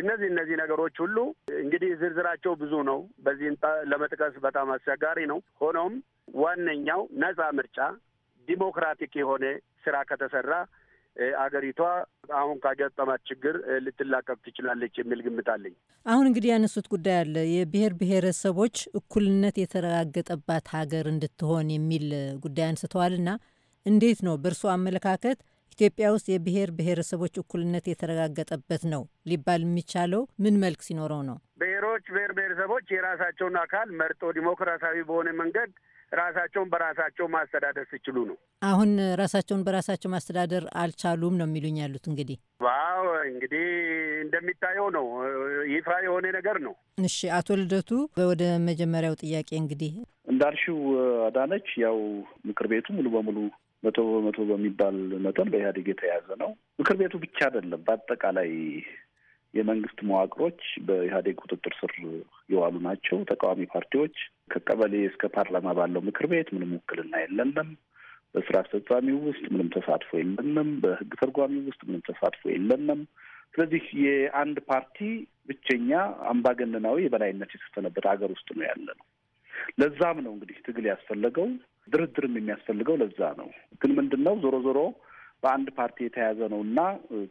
እነዚህ እነዚህ ነገሮች ሁሉ እንግዲህ ዝርዝራቸው ብዙ ነው። በዚህ ለመጥቀስ በጣም አስቸጋሪ ነው። ሆኖም ዋነኛው ነጻ ምርጫ፣ ዲሞክራቲክ የሆነ ስራ ከተሰራ አገሪቷ አሁን ካገጠማት ችግር ልትላቀቅ ትችላለች የሚል ግምት አለኝ። አሁን እንግዲህ ያነሱት ጉዳይ አለ። የብሔር ብሔረሰቦች እኩልነት የተረጋገጠባት ሀገር እንድትሆን የሚል ጉዳይ አንስተዋልና እንዴት ነው በእርሶ አመለካከት ኢትዮጵያ ውስጥ የብሔር ብሔረሰቦች እኩልነት የተረጋገጠበት ነው ሊባል የሚቻለው ምን መልክ ሲኖረው ነው? ብሔሮች፣ ብሔር ብሔረሰቦች የራሳቸውን አካል መርጦ ዲሞክራሲያዊ በሆነ መንገድ ራሳቸውን በራሳቸው ማስተዳደር ሲችሉ ነው። አሁን ራሳቸውን በራሳቸው ማስተዳደር አልቻሉም ነው የሚሉኝ ያሉት። እንግዲህ ዋው እንግዲህ እንደሚታየው ነው፣ ይፋ የሆነ ነገር ነው። እሺ አቶ ልደቱ ወደ መጀመሪያው ጥያቄ እንግዲህ እንዳልሽው አዳነች፣ ያው ምክር ቤቱ ሙሉ በሙሉ መቶ በመቶ በሚባል መጠን በኢህአዴግ የተያዘ ነው። ምክር ቤቱ ብቻ አይደለም፣ በአጠቃላይ የመንግስት መዋቅሮች በኢህአዴግ ቁጥጥር ስር የዋሉ ናቸው። ተቃዋሚ ፓርቲዎች ከቀበሌ እስከ ፓርላማ ባለው ምክር ቤት ምንም ውክልና የለንም። በስራ አስፈጻሚው ውስጥ ምንም ተሳትፎ የለንም። በህግ ተርጓሚው ውስጥ ምንም ተሳትፎ የለንም። ስለዚህ የአንድ ፓርቲ ብቸኛ አምባገነናዊ የበላይነት የሰፈነበት ሀገር ውስጥ ነው ያለ ነው። ለዛም ነው እንግዲህ ትግል ያስፈለገው ድርድርም የሚያስፈልገው ለዛ ነው። ግን ምንድን ነው ዞሮ ዞሮ በአንድ ፓርቲ የተያዘ ነው እና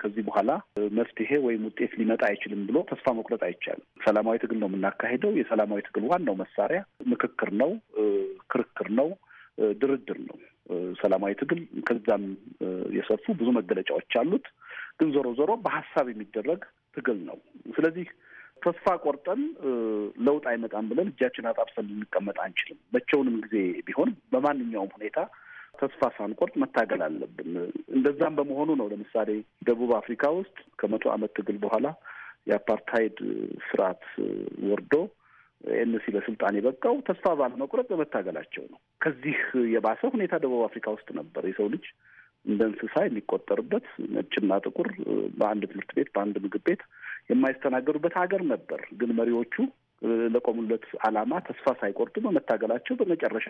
ከዚህ በኋላ መፍትሄ ወይም ውጤት ሊመጣ አይችልም ብሎ ተስፋ መቁረጥ አይቻልም። ሰላማዊ ትግል ነው የምናካሄደው። የሰላማዊ ትግል ዋናው መሳሪያ ምክክር ነው፣ ክርክር ነው፣ ድርድር ነው። ሰላማዊ ትግል ከዛም የሰፉ ብዙ መገለጫዎች አሉት። ግን ዞሮ ዞሮ በሀሳብ የሚደረግ ትግል ነው። ስለዚህ ተስፋ ቆርጠን ለውጥ አይመጣም ብለን እጃችን አጣብሰን ልንቀመጥ አንችልም። መቼውንም ጊዜ ቢሆን በማንኛውም ሁኔታ ተስፋ ሳንቆርጥ መታገል አለብን። እንደዛም በመሆኑ ነው ለምሳሌ ደቡብ አፍሪካ ውስጥ ከመቶ ዓመት ትግል በኋላ የአፓርታይድ ስርዓት ወርዶ ኤንሲ ለስልጣን የበቃው ተስፋ ባለመቁረጥ በመታገላቸው ነው። ከዚህ የባሰ ሁኔታ ደቡብ አፍሪካ ውስጥ ነበር። የሰው ልጅ እንደ እንስሳ የሚቆጠርበት ነጭና ጥቁር በአንድ ትምህርት ቤት፣ በአንድ ምግብ ቤት የማይስተናገዱበት ሀገር ነበር። ግን መሪዎቹ ለቆሙለት ዓላማ ተስፋ ሳይቆርጡ በመታገላቸው በመጨረሻ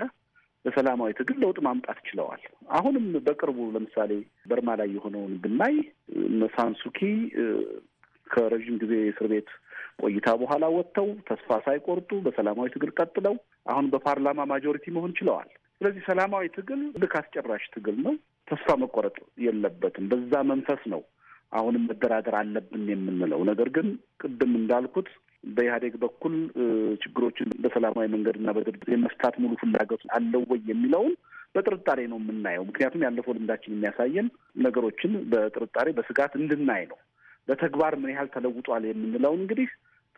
በሰላማዊ ትግል ለውጥ ማምጣት ችለዋል። አሁንም በቅርቡ ለምሳሌ በርማ ላይ የሆነውን ብናይ ሳንሱኪ ከረዥም ጊዜ እስር ቤት ቆይታ በኋላ ወጥተው ተስፋ ሳይቆርጡ በሰላማዊ ትግል ቀጥለው አሁን በፓርላማ ማጆሪቲ መሆን ችለዋል። ስለዚህ ሰላማዊ ትግል ልክ አስጨራሽ ትግል ነው። ተስፋ መቆረጥ የለበትም። በዛ መንፈስ ነው አሁንም መደራደር አለብን የምንለው ነገር ግን ቅድም እንዳልኩት በኢህአዴግ በኩል ችግሮችን በሰላማዊ መንገድና በድርድር የመፍታት ሙሉ ፍላጎት አለው ወይ የሚለውን በጥርጣሬ ነው የምናየው። ምክንያቱም ያለፈው ልምዳችን የሚያሳየን ነገሮችን በጥርጣሬ በስጋት እንድናይ ነው። በተግባር ምን ያህል ተለውጧል የምንለው እንግዲህ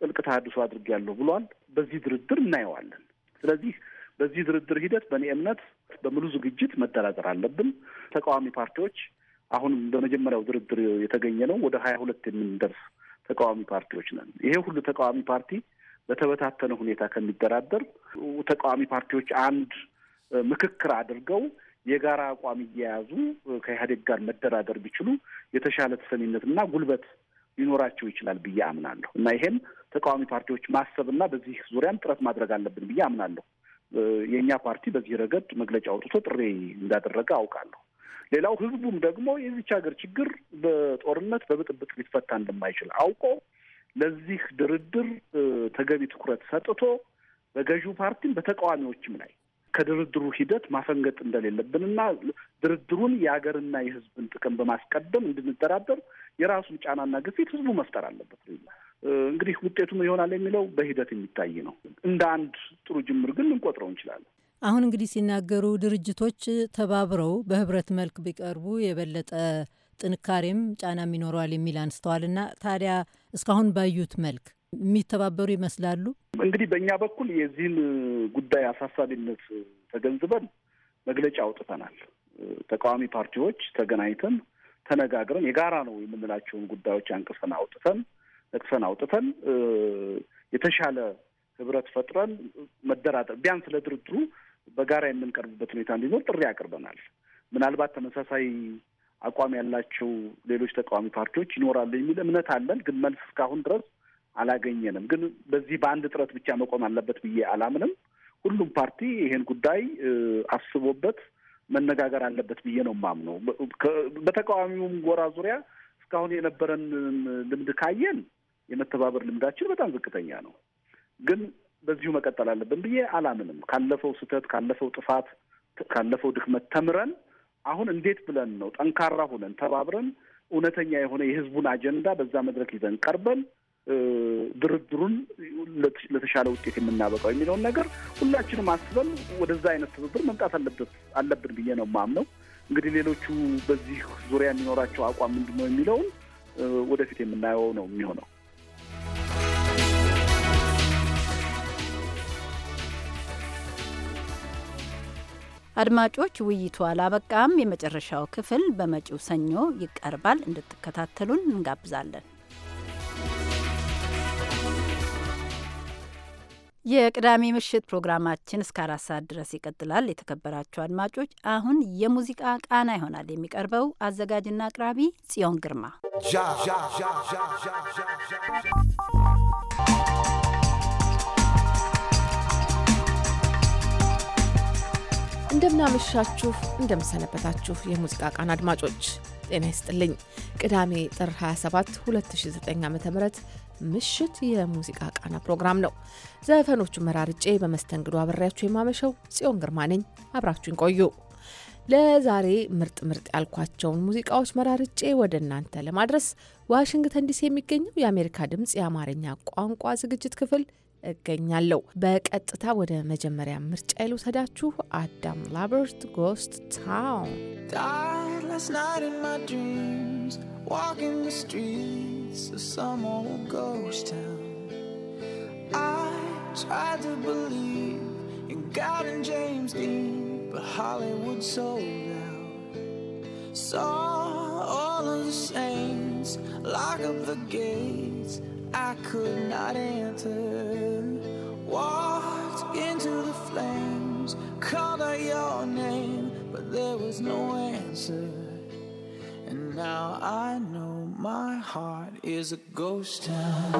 ጥልቅ ተሃድሶ አድርጌያለሁ ብሏል። በዚህ ድርድር እናየዋለን። ስለዚህ በዚህ ድርድር ሂደት በእኔ እምነት በሙሉ ዝግጅት መደራደር አለብን። ተቃዋሚ ፓርቲዎች አሁን በመጀመሪያው ድርድር የተገኘ ነው። ወደ ሀያ ሁለት የምንደርስ ተቃዋሚ ፓርቲዎች ነን። ይሄ ሁሉ ተቃዋሚ ፓርቲ በተበታተነ ሁኔታ ከሚደራደር ተቃዋሚ ፓርቲዎች አንድ ምክክር አድርገው የጋራ አቋም እየያዙ ከኢህአዴግ ጋር መደራደር ቢችሉ የተሻለ ተሰሚነትና ጉልበት ሊኖራቸው ይችላል ብዬ አምናለሁ እና ይሄን ተቃዋሚ ፓርቲዎች ማሰብና በዚህ ዙሪያም ጥረት ማድረግ አለብን ብዬ አምናለሁ። የእኛ ፓርቲ በዚህ ረገድ መግለጫ አውጥቶ ጥሪ እንዳደረገ አውቃለሁ። ሌላው ህዝቡም ደግሞ የዚች ሀገር ችግር በጦርነት በብጥብጥ ሊፈታ እንደማይችል አውቆ ለዚህ ድርድር ተገቢ ትኩረት ሰጥቶ በገዢው ፓርቲም በተቃዋሚዎችም ላይ ከድርድሩ ሂደት ማፈንገጥ እንደሌለብንና ድርድሩን የሀገርና የህዝብን ጥቅም በማስቀደም እንድንደራደር የራሱን ጫናና ግፊት ህዝቡ መፍጠር አለበት። እንግዲህ ውጤቱ ይሆናል የሚለው በሂደት የሚታይ ነው። እንደ አንድ ጥሩ ጅምር ግን ልንቆጥረው እንችላለን። አሁን እንግዲህ ሲናገሩ ድርጅቶች ተባብረው በህብረት መልክ ቢቀርቡ የበለጠ ጥንካሬም ጫናም ይኖረዋል የሚል አንስተዋል። ና ታዲያ እስካሁን ባዩት መልክ የሚተባበሩ ይመስላሉ። እንግዲህ በእኛ በኩል የዚህን ጉዳይ አሳሳቢነት ተገንዝበን መግለጫ አውጥተናል። ተቃዋሚ ፓርቲዎች ተገናኝተን ተነጋግረን የጋራ ነው የምንላቸውን ጉዳዮች አንቅሰን አውጥተን ነቅሰን አውጥተን የተሻለ ህብረት ፈጥረን መደራደር ቢያንስ ለድርድሩ በጋራ የምንቀርብበት ሁኔታ እንዲኖር ጥሪ አቅርበናል። ምናልባት ተመሳሳይ አቋም ያላቸው ሌሎች ተቃዋሚ ፓርቲዎች ይኖራሉ የሚል እምነት አለን። ግን መልስ እስካሁን ድረስ አላገኘንም። ግን በዚህ በአንድ ጥረት ብቻ መቆም አለበት ብዬ አላምንም። ሁሉም ፓርቲ ይሄን ጉዳይ አስቦበት መነጋገር አለበት ብዬ ነው የማምነው። በተቃዋሚውም ጎራ ዙሪያ እስካሁን የነበረን ልምድ ካየን የመተባበር ልምዳችን በጣም ዝቅተኛ ነው። ግን በዚሁ መቀጠል አለብን ብዬ አላምንም። ካለፈው ስህተት፣ ካለፈው ጥፋት፣ ካለፈው ድክመት ተምረን አሁን እንዴት ብለን ነው ጠንካራ ሁነን ተባብረን እውነተኛ የሆነ የህዝቡን አጀንዳ በዛ መድረክ ይዘን ቀርበን ድርድሩን ለተሻለ ውጤት የምናበቃው የሚለውን ነገር ሁላችንም አስበን ወደዛ አይነት ትብብር መምጣት አለበት አለብን ብዬ ነው የማምነው። እንግዲህ ሌሎቹ በዚህ ዙሪያ የሚኖራቸው አቋም ምንድን ነው የሚለውን ወደፊት የምናየው ነው የሚሆነው። አድማጮች፣ ውይይቱ አላበቃም። የመጨረሻው ክፍል በመጪው ሰኞ ይቀርባል። እንድትከታተሉን እንጋብዛለን። የቅዳሜ ምሽት ፕሮግራማችን እስከ አራት ሰዓት ድረስ ይቀጥላል። የተከበራችሁ አድማጮች፣ አሁን የሙዚቃ ቃና ይሆናል የሚቀርበው። አዘጋጅና አቅራቢ ጽዮን ግርማ እንደምናመሻችሁ እንደምሰነበታችሁ የሙዚቃ ቃና አድማጮች ጤና ይስጥልኝ። ቅዳሜ ጥር 27 2009 ዓ ም ምሽት የሙዚቃ ቃና ፕሮግራም ነው። ዘፈኖቹ መራርጬ በመስተንግዶ አበሬያችሁ የማመሸው ጽዮን ግርማ ነኝ። አብራችሁን ቆዩ። ለዛሬ ምርጥ ምርጥ ያልኳቸውን ሙዚቃዎች መራርጬ ወደ እናንተ ለማድረስ ዋሽንግተን ዲሲ የሚገኘው የአሜሪካ ድምፅ የአማርኛ ቋንቋ ዝግጅት ክፍል እገኛለሁ። በቀጥታ ወደ መጀመሪያ ምርጫ ልውሰዳችሁ። አዳም ላበርት ጎስት ታውን Walking the streets of some old ghost town I tried to believe in God and James Dean But Hollywood sold out So all of the same lock up the gates. I could not enter. Walked into the flames, called out your name, but there was no answer. And now I know my heart is a ghost town.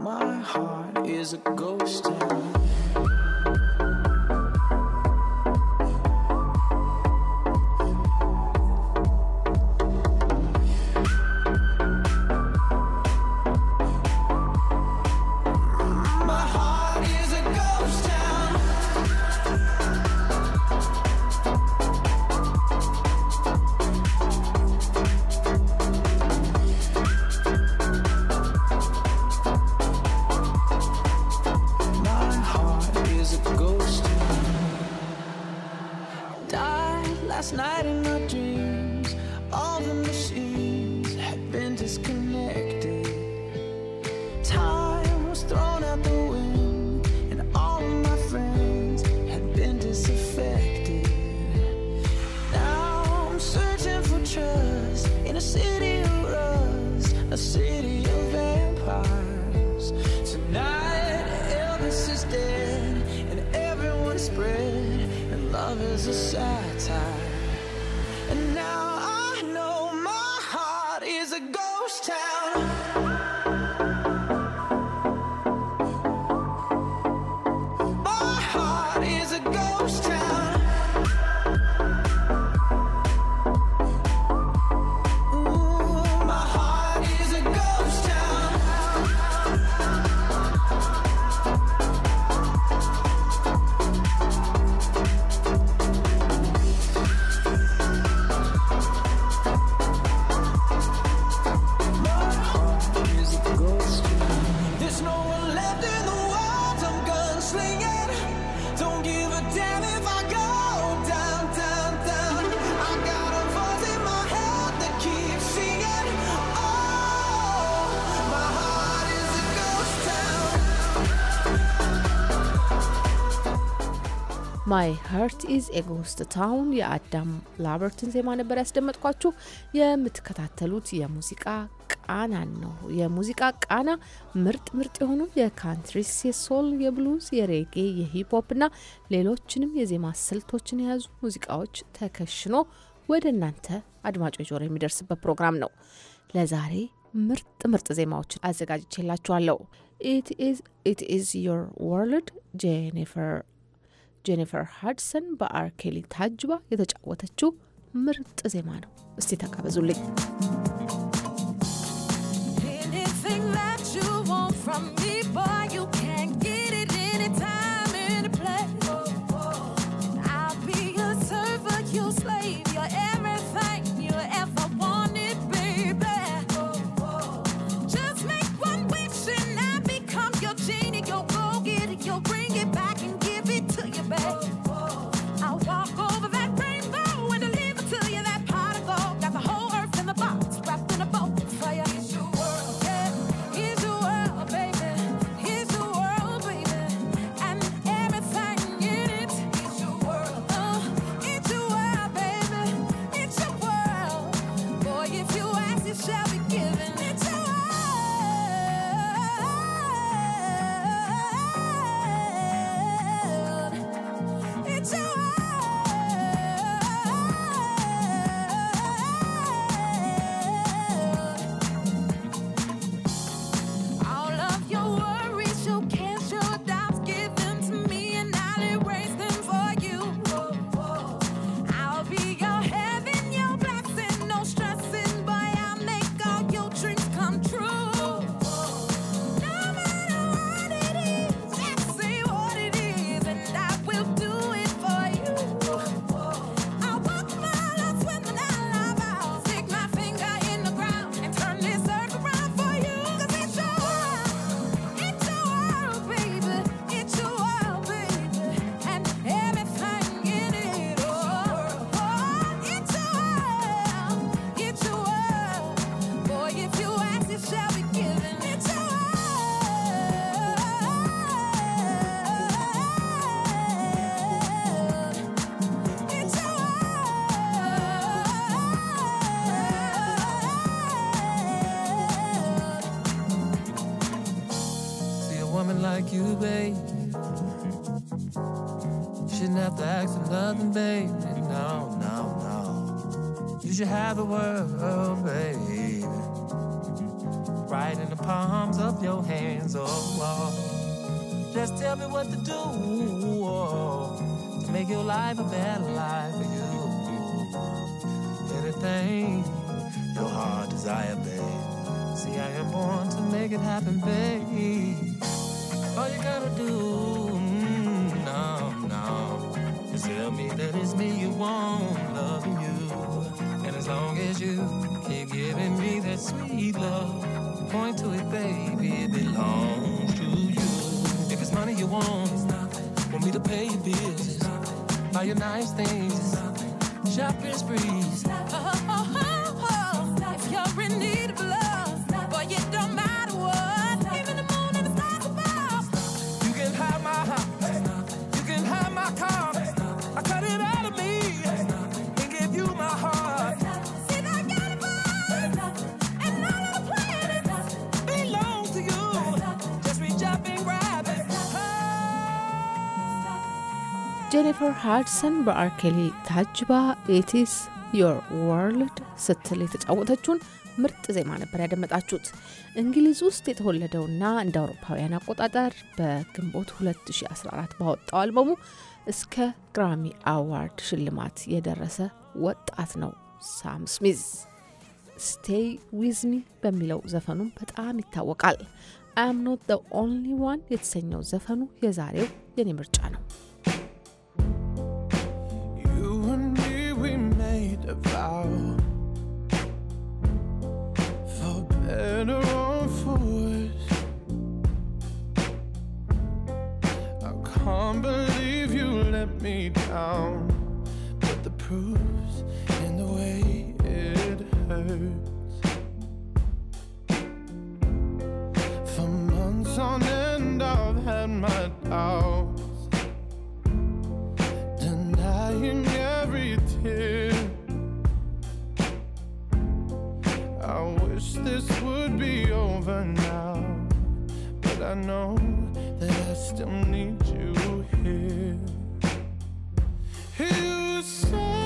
My heart is a ghost ማይ ሀርት ኢዝ ኤጎስት ታውን የአዳም ላበርትን ዜማ ነበር ያስደመጥኳችሁ። የምትከታተሉት የሙዚቃ ቃናን ነው። የሙዚቃ ቃና ምርጥ ምርጥ የሆኑ የካንትሪስ፣ የሶል፣ የብሉዝ፣ የሬጌ፣ የሂፕሆፕ እና ሌሎችንም የዜማ ስልቶችን የያዙ ሙዚቃዎች ተከሽኖ ወደ እናንተ አድማጮች ጆሮ የሚደርስበት ፕሮግራም ነው። ለዛሬ ምርጥ ምርጥ ዜማዎችን አዘጋጅቼላችኋለሁ። ኢት ኢዝ ዮር ወርልድ ጄኒፈር ጄኒፈር ሃድሰን በአርኬሊ ታጅባ የተጫወተችው ምርጥ ዜማ ነው። እስቲ ተጋበዙልኝ። you gotta do mm, now, now. Just tell me that it's me you want, loving you. And as long as you keep giving me that sweet love, point to it, baby, it belongs to you. If it's money you want, want me to pay your bills, buy your nice things, shopping sprees. በጄኒፈር ሃድሰን በአርኬሊ ታጅባ ኢትስ ዮር ወርልድ ስትል የተጫወተችውን ምርጥ ዜማ ነበር ያደመጣችሁት። እንግሊዝ ውስጥ የተወለደውና እንደ አውሮፓውያን አቆጣጠር በግንቦት 2014 ባወጣው አልበሙ እስከ ግራሚ አዋርድ ሽልማት የደረሰ ወጣት ነው ሳም ስሚዝ። ስቴይ ዊዝሚ በሚለው ዘፈኑም በጣም ይታወቃል። አም ኖት ኦንሊ ዋን የተሰኘው ዘፈኑ የዛሬው የኔ ምርጫ ነው። You and me, we made a vow For better or for worse I can't believe you let me down But the proof's in the way it hurts For months on end I've had my doubts Crying every tear. I wish this would be over now. But I know that I still need you here. You say.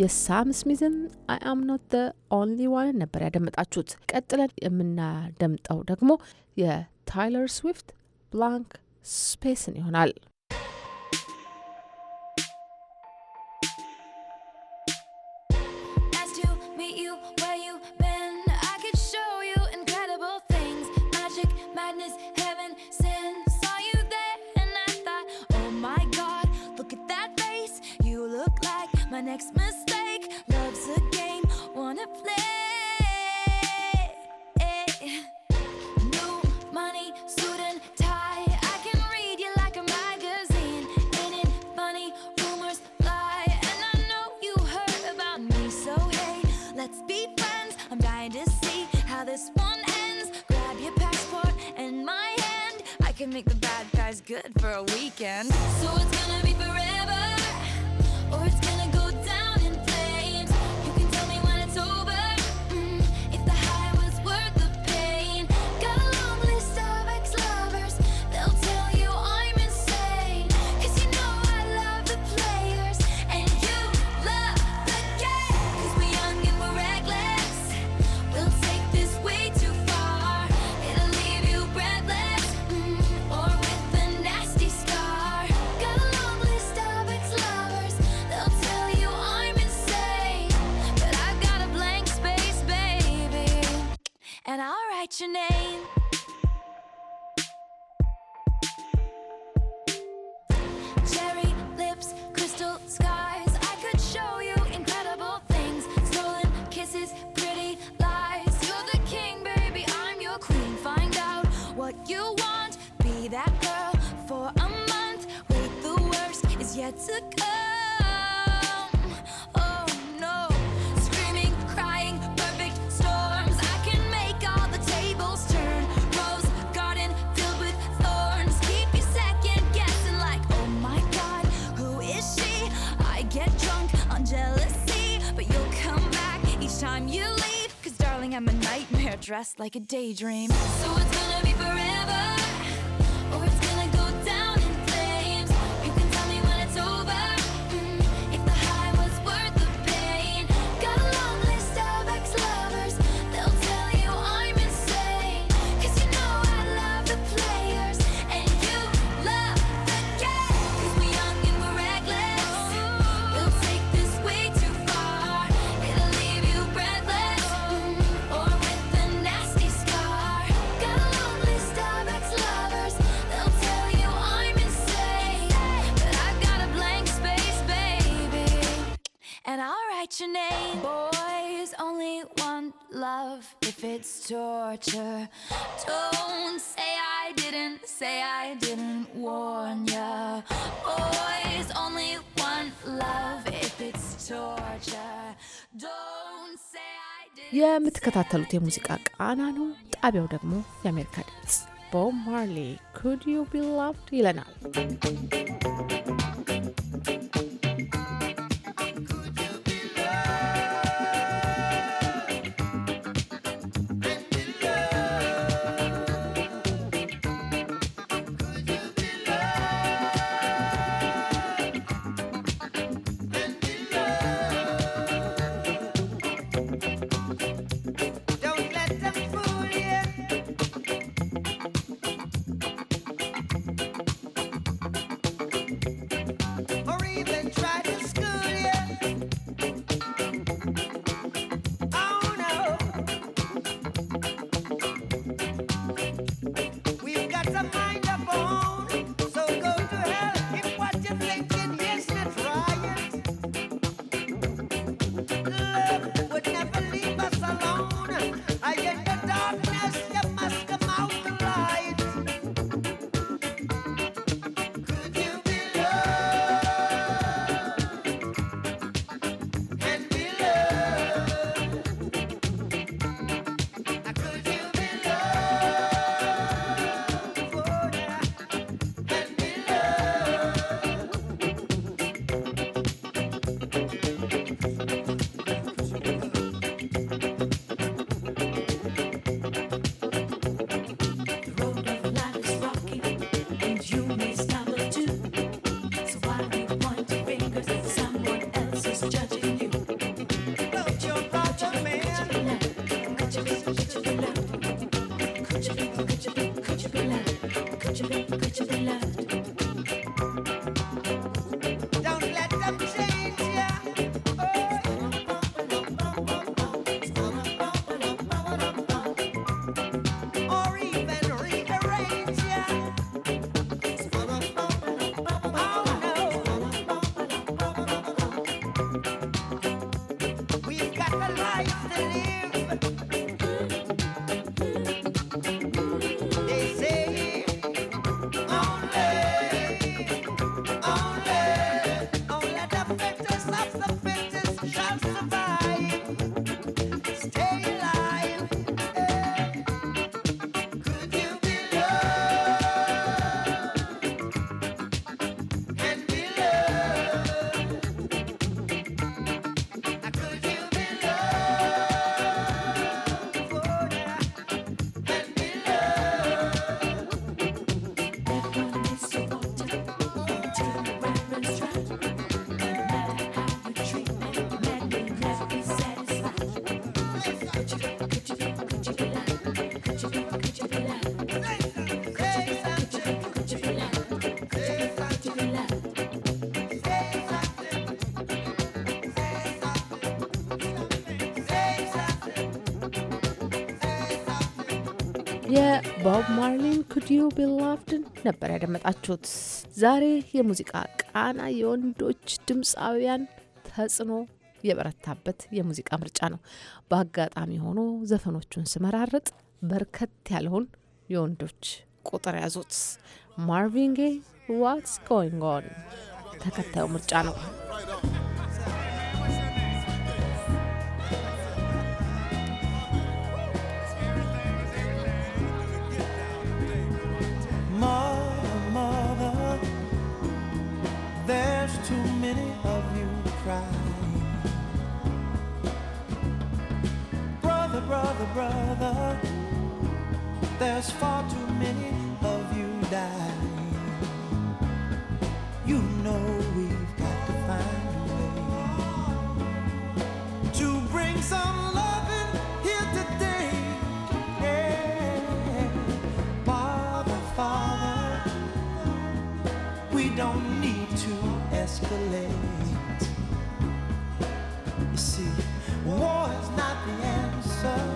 የሳም ስሚዝን አይ አም ኖት ኦንሊ ዋን ነበር ያደመጣችሁት። ቀጥለን የምናደምጠው ደግሞ የታይለር ስዊፍት ብላንክ ስፔስን ይሆናል። next mistake for a weekend. So it's gonna be like a daydream. So torture. Don't say I didn't, say I didn't warn ya. Boys, only one love if it's torture. Don't say I didn't. የምትከታተሉት የሙዚቃ ቃና ነው። ጣቢያው ደግሞ የአሜሪካ ድምፅ። ቦብ ማርሊ ኩድ ዩ ቢ ላቭድ ይለናል። ቦብ ማርሊን ኩድ ዩ ቢ ላቭድን ነበር ያደመጣችሁት። ዛሬ የሙዚቃ ቃና የወንዶች ድምፃውያን ተጽዕኖ የበረታበት የሙዚቃ ምርጫ ነው። በአጋጣሚ ሆኖ ዘፈኖቹን ስመራርጥ በርከት ያለውን የወንዶች ቁጥር ያዙት። ማርቪን ጌይ ዋትስ ጎይንግ ኦን ተከታዩ ምርጫ ነው። brother. There's far too many of you dying. You know we've got to find a way to bring some loving here today. Yeah. Father, Father, we don't need to escalate. You see, war is not the answer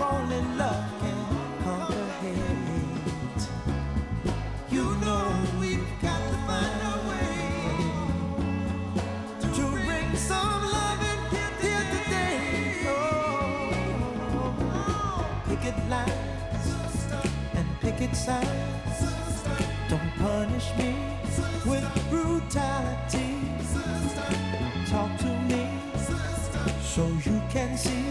only love can comprehend. You know we've got to find a way to bring some love and get here today. Oh, picket lines and picket signs. Don't punish me with brutality. Talk to me so you can see.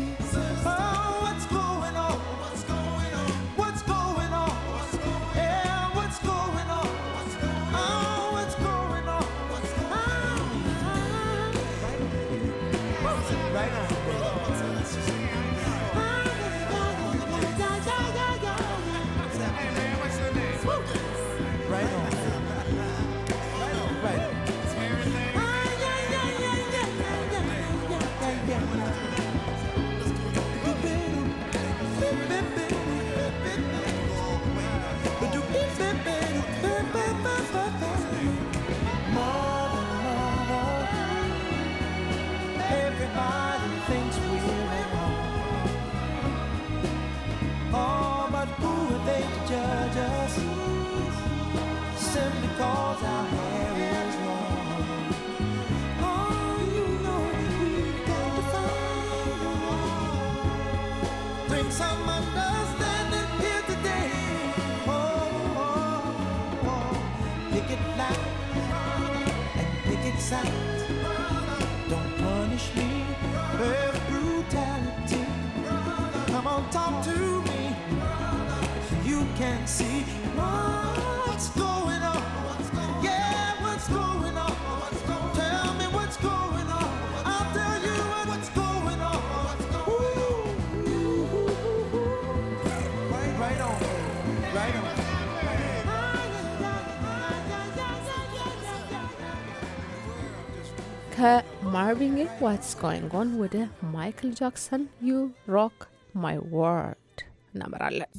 ዋትስ ጎይንግ ኦን ወደ ማይክል ጃክሰን ዩ ሮክ ማይ ወርልድ እናመራለን።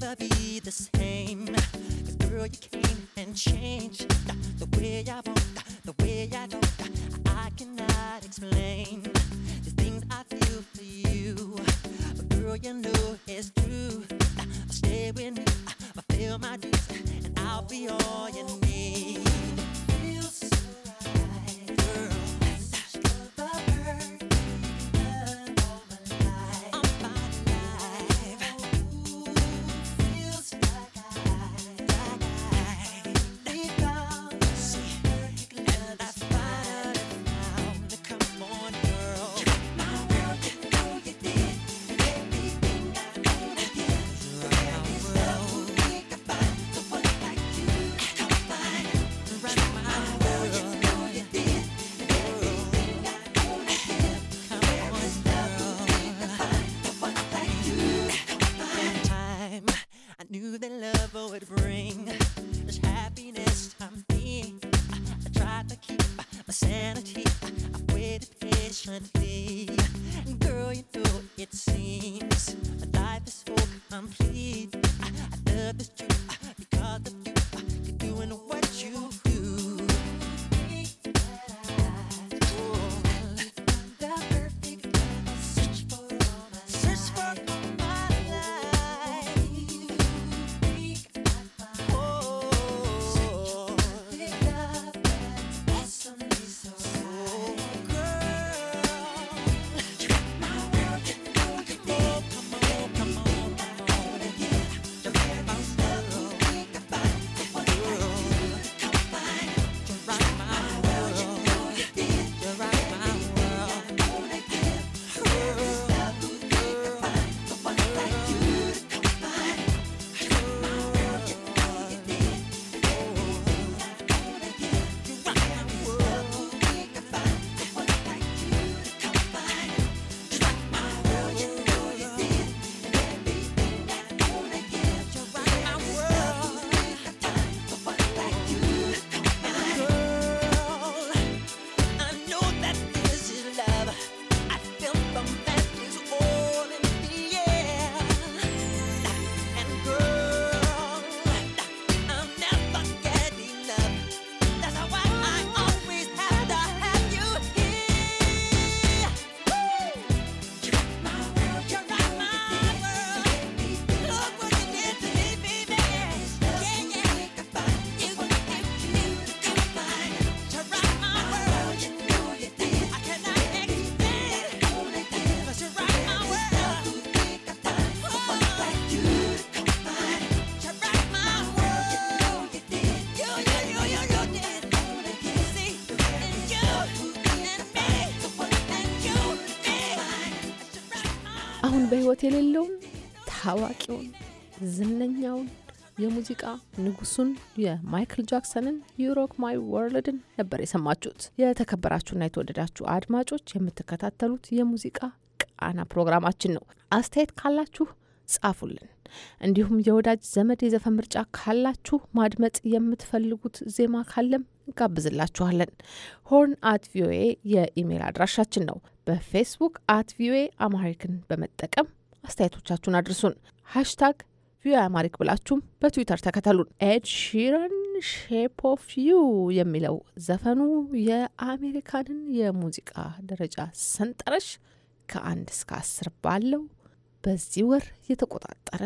never be the same. girl, you came and changed the way I want, the way I don't. I cannot explain the things I feel for you. But girl, you know it's true. I'll stay with me, I'll feel my dreams, and I'll be all you need. ርቀት የሌለውን ታዋቂውን ዝነኛውን የሙዚቃ ንጉሱን የማይክል ጃክሰንን ዩሮክ ማይ ወርልድን ነበር የሰማችሁት። የተከበራችሁና የተወደዳችሁ አድማጮች የምትከታተሉት የሙዚቃ ቃና ፕሮግራማችን ነው። አስተያየት ካላችሁ ጻፉልን። እንዲሁም የወዳጅ ዘመድ የዘፈን ምርጫ ካላችሁ ማድመጥ የምትፈልጉት ዜማ ካለም ጋብዝላችኋለን። ሆርን አት ቪኦኤ የኢሜይል አድራሻችን ነው። በፌስቡክ አት ቪኦኤ አማሪክን በመጠቀም አስተያየቶቻችሁን አድርሱን። ሃሽታግ ቪኦኤ አማሪክ ብላችሁም በትዊተር ተከተሉን። ኤድ ሺረን ሼፕ ኦፍ ዩ የሚለው ዘፈኑ የአሜሪካንን የሙዚቃ ደረጃ ሰንጠረሽ ከአንድ እስከ አስር ባለው በዚህ ወር የተቆጣጠረ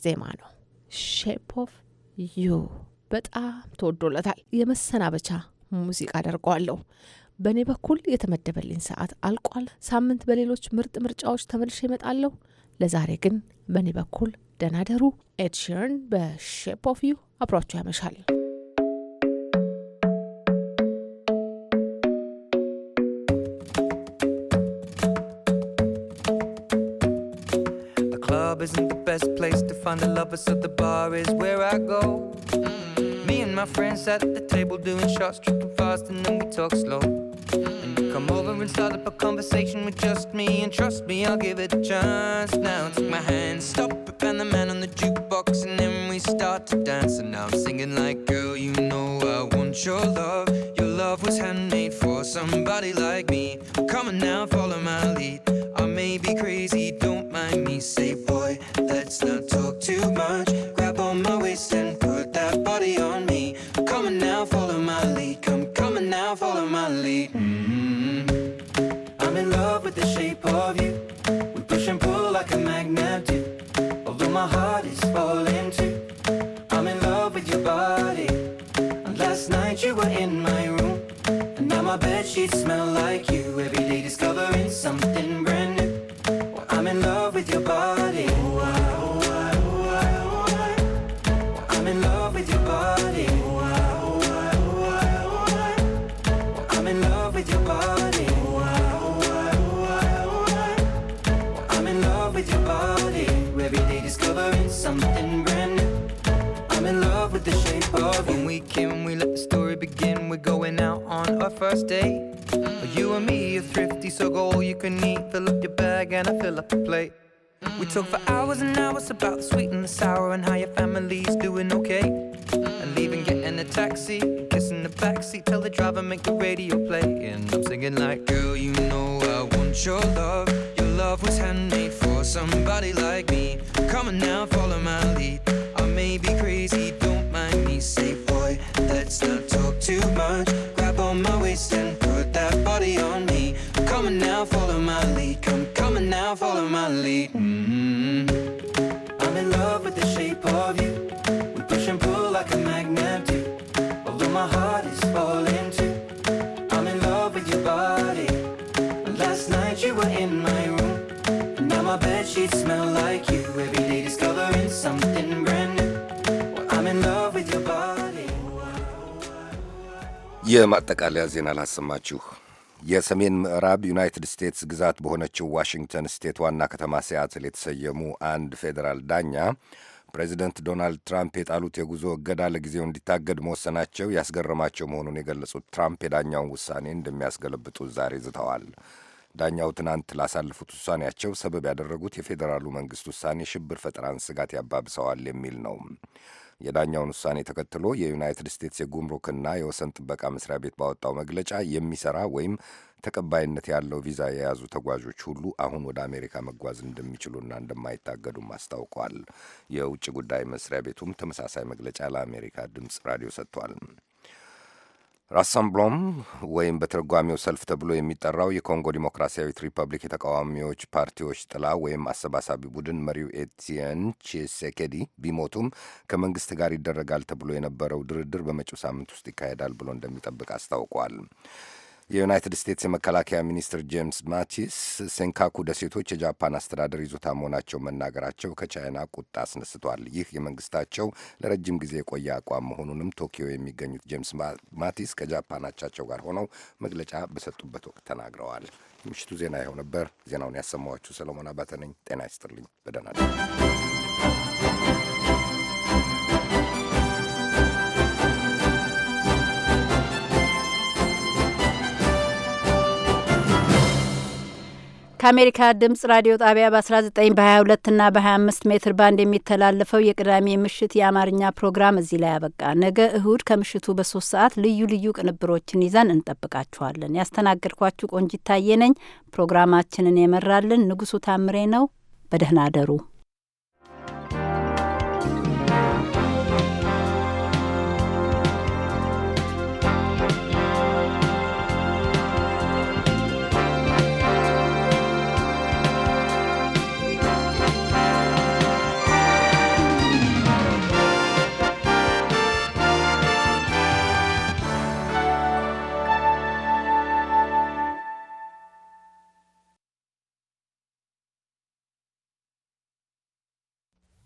ዜማ ነው። ሼፕ ኦፍ ዩ በጣም ተወዶለታል። የመሰናበቻ ሙዚቃ አደርገዋለሁ። በእኔ በኩል የተመደበልኝ ሰዓት አልቋል። ሳምንት በሌሎች ምርጥ ምርጫዎች ተመልሼ እመጣለሁ። ለዛሬ ግን በእኔ በኩል ደናደሩ ኤድ በሼፕ ኦፍ ዩ አብሯችሁ ያመሻል። isn't the best place to find a lover, so the bar is where I go. Mm-hmm. Me and my friends at the table doing shots, tripping fast, and then we talk slow. Mm-hmm. Come over and start up a conversation with just me, and trust me, I'll give it a chance. Now take my hand, stop it, and the man on the jukebox, and then we start to dance. And now I'm singing like, girl, you know I want your love. Your love was handmade for somebody like me. Come on now, follow my lead. I may be crazy, don't mind me. Say, boy, let's not. in my room. And now my bed sheets smell like you. Every day discovering something brand new. Well, I'm in love with your body. Oh, I, oh, I, oh, I, oh, I. I'm in love with your body. I, am ah, ah, ah, in love with your body. I, am in love with your body. Every day discovering something brand new. I'm in love with the shape of you. When we came, we left begin, we're going out on our first date. You and me are thrifty, so go all you can eat. Fill up your bag and I fill up the plate. We talk for hours and hours about the sweet and the sour and how your family's doing okay. And leaving, getting a taxi, kissing the backseat, tell the driver make the radio play. And I'm singing like, girl, you know I want your love. Your love was handmade for somebody like me. Come on now, follow my lead. I may be crazy, don't mind me. Say let's not talk too much. Grab on my waist and put that body on me. I'm coming now, follow my lead. Come coming now, follow my lead. Mm-hmm. I'm in love with the shape of you. We push and pull like a magnet do. Although my heart is falling too. I'm in love with your body. Last night you were in my room. Now my bed sheets smell like you. የማጠቃለያ ዜና ላሰማችሁ። የሰሜን ምዕራብ ዩናይትድ ስቴትስ ግዛት በሆነችው ዋሽንግተን ስቴት ዋና ከተማ ሲያትል የተሰየሙ አንድ ፌዴራል ዳኛ ፕሬዚደንት ዶናልድ ትራምፕ የጣሉት የጉዞ እገዳ ለጊዜው እንዲታገድ መወሰናቸው ያስገረማቸው መሆኑን የገለጹት ትራምፕ የዳኛውን ውሳኔ እንደሚያስገለብጡ ዛሬ ዝተዋል። ዳኛው ትናንት ላሳለፉት ውሳኔያቸው ሰበብ ያደረጉት የፌዴራሉ መንግስት ውሳኔ ሽብር ፈጠራን ስጋት ያባብሰዋል የሚል ነው። የዳኛውን ውሳኔ ተከትሎ የዩናይትድ ስቴትስ የጉምሩክና የወሰን ጥበቃ መስሪያ ቤት ባወጣው መግለጫ የሚሰራ ወይም ተቀባይነት ያለው ቪዛ የያዙ ተጓዦች ሁሉ አሁን ወደ አሜሪካ መጓዝ እንደሚችሉና እንደማይታገዱም አስታውቋል። የውጭ ጉዳይ መስሪያ ቤቱም ተመሳሳይ መግለጫ ለአሜሪካ ድምፅ ራዲዮ ሰጥቷል። ራሳምብሎም ወይም በተረጓሚው ሰልፍ ተብሎ የሚጠራው የኮንጎ ዲሞክራሲያዊት ሪፐብሊክ የተቃዋሚዎች ፓርቲዎች ጥላ ወይም አሰባሳቢ ቡድን መሪው ኤትን ቺሴኬዲ ቢሞቱም ከመንግስት ጋር ይደረጋል ተብሎ የነበረው ድርድር በመጪው ሳምንት ውስጥ ይካሄዳል ብሎ እንደሚጠብቅ አስታውቋል። የዩናይትድ ስቴትስ የመከላከያ ሚኒስትር ጄምስ ማቲስ ሴንካኩ ደሴቶች የጃፓን አስተዳደር ይዞታ መሆናቸው መናገራቸው ከቻይና ቁጣ አስነስቷል። ይህ የመንግስታቸው ለረጅም ጊዜ የቆየ አቋም መሆኑንም ቶኪዮ የሚገኙት ጄምስ ማቲስ ከጃፓን አቻቸው ጋር ሆነው መግለጫ በሰጡበት ወቅት ተናግረዋል። የምሽቱ ዜና ይኸው ነበር። ዜናውን ያሰማኋችሁ ሰለሞን አባተ ነኝ። ጤና ይስጥልኝ። በደህና ከአሜሪካ ድምጽ ራዲዮ ጣቢያ በ19 በ22 እና በ25 ሜትር ባንድ የሚተላለፈው የቅዳሜ ምሽት የአማርኛ ፕሮግራም እዚህ ላይ ያበቃ። ነገ እሁድ ከምሽቱ በሶስት ሰዓት ልዩ ልዩ ቅንብሮችን ይዘን እንጠብቃችኋለን። ያስተናገድኳችሁ ቆንጂት ነኝ። ፕሮግራማችንን የመራልን ንጉሱ ታምሬ ነው። በደህና አደሩ።